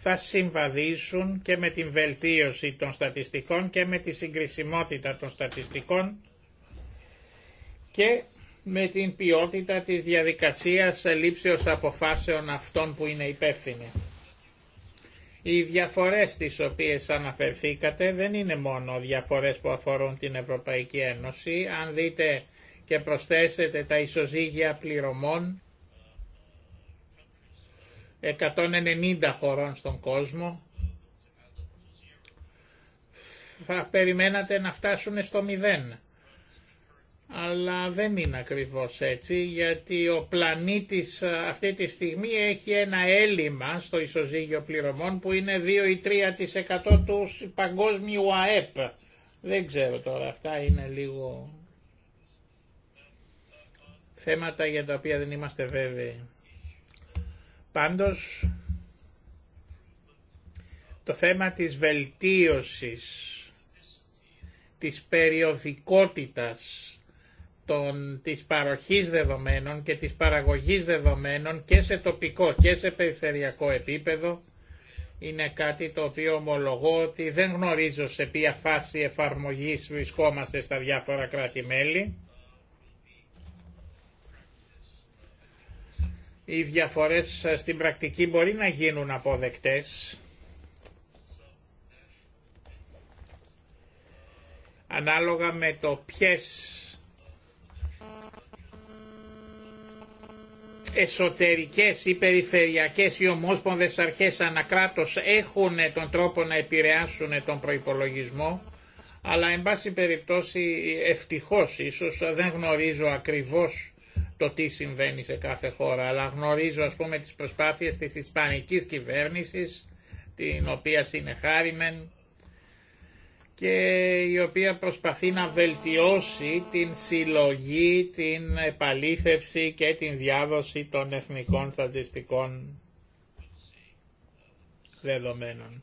θα συμβαδίσουν και με την βελτίωση των στατιστικών και με τη συγκρισιμότητα των στατιστικών και με την ποιότητα της διαδικασίας λήψεως αποφάσεων αυτών που είναι υπεύθυνοι. Οι διαφορές τις οποίες αναφερθήκατε δεν είναι μόνο διαφορές που αφορούν την Ευρωπαϊκή Ένωση. Αν δείτε και προσθέσετε τα ισοζύγια πληρωμών, 190 χωρών στον κόσμο, θα περιμένατε να φτάσουν στο μηδέν. Αλλά δεν είναι ακριβώς έτσι, γιατί ο πλανήτης ε, αυτή τη στιγμή έχει ένα έλλειμμα στο ισοζύγιο πληρωμών που είναι 2 ή 3% του παγκόσμιου ΑΕΠ. Δεν ξέρω τώρα, αυτά είναι λίγο θέματα για τα οποία δεν είμαστε βέβαιοι. Πάντως το θέμα της βελτίωσης, της περιοδικότητας, των, της παροχής δεδομένων και της παραγωγής δεδομένων και σε τοπικό και σε περιφερειακό επίπεδο είναι κάτι το οποίο ομολογώ ότι δεν γνωρίζω σε ποια φάση εφαρμογής βρισκόμαστε στα διάφορα κράτη-μέλη οι διαφορές ε, στην πρακτική μπορεί να γίνουν αποδεκτές. Ανάλογα με το ποιες εσωτερικές ή περιφερειακές ή ομόσπονδες αρχές ανακράτως έχουν τον τρόπο να επηρεάσουν τον προϋπολογισμό, αλλά εν πάση περιπτώσει ευτυχώς ίσως δεν γνωρίζω ακριβώς το τι συμβαίνει σε κάθε χώρα, αλλά γνωρίζω ας πούμε τις προσπάθειες της Ισπανικής κυβέρνησης, την οποία συνεχάριμεν και η οποία προσπαθεί να βελτιώσει την συλλογή, την επαλήθευση και την διάδοση των εθνικών στατιστικών δεδομένων.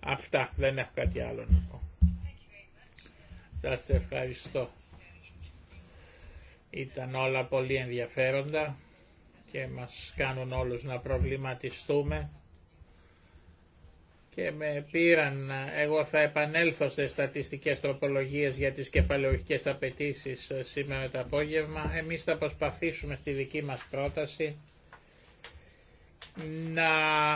Αυτά, δεν έχω κάτι άλλο να πω. Σας ευχαριστώ. Ήταν όλα πολύ ενδιαφέροντα και μας κάνουν όλους να προβληματιστούμε και με πήραν, εγώ θα επανέλθω σε στατιστικές τροπολογίες για τις κεφαλαιοχικές απαιτήσει ε, σήμερα το απόγευμα. Εμείς θα προσπαθήσουμε στη δική μας πρόταση να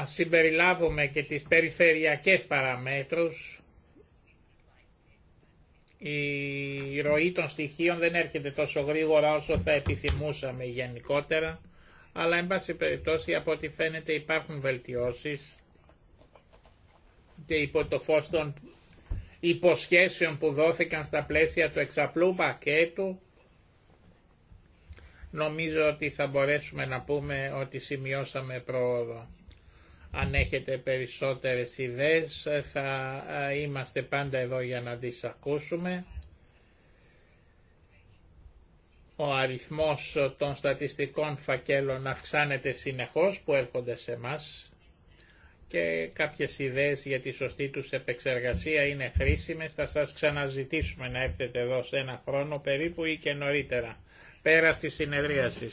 συμπεριλάβουμε και τις περιφερειακές παραμέτρους η ροή των στοιχείων δεν έρχεται τόσο γρήγορα όσο θα επιθυμούσαμε γενικότερα, αλλά εν πάση περιπτώσει από ό,τι φαίνεται υπάρχουν βελτιώσεις και υπό το φως των υποσχέσεων που δόθηκαν στα πλαίσια του εξαπλού πακέτου νομίζω ότι θα μπορέσουμε να πούμε ότι σημειώσαμε πρόοδο. Αν έχετε περισσότερες ιδέες θα είμαστε πάντα εδώ για να τις ακούσουμε. Ο αριθμός των στατιστικών φακέλων αυξάνεται συνεχώς που έρχονται σε μας και κάποιες ιδέες για τη σωστή τους επεξεργασία είναι χρήσιμες. Θα σας ξαναζητήσουμε να έρθετε εδώ σε ένα χρόνο περίπου ή και νωρίτερα, πέρα της συνεδρίασης.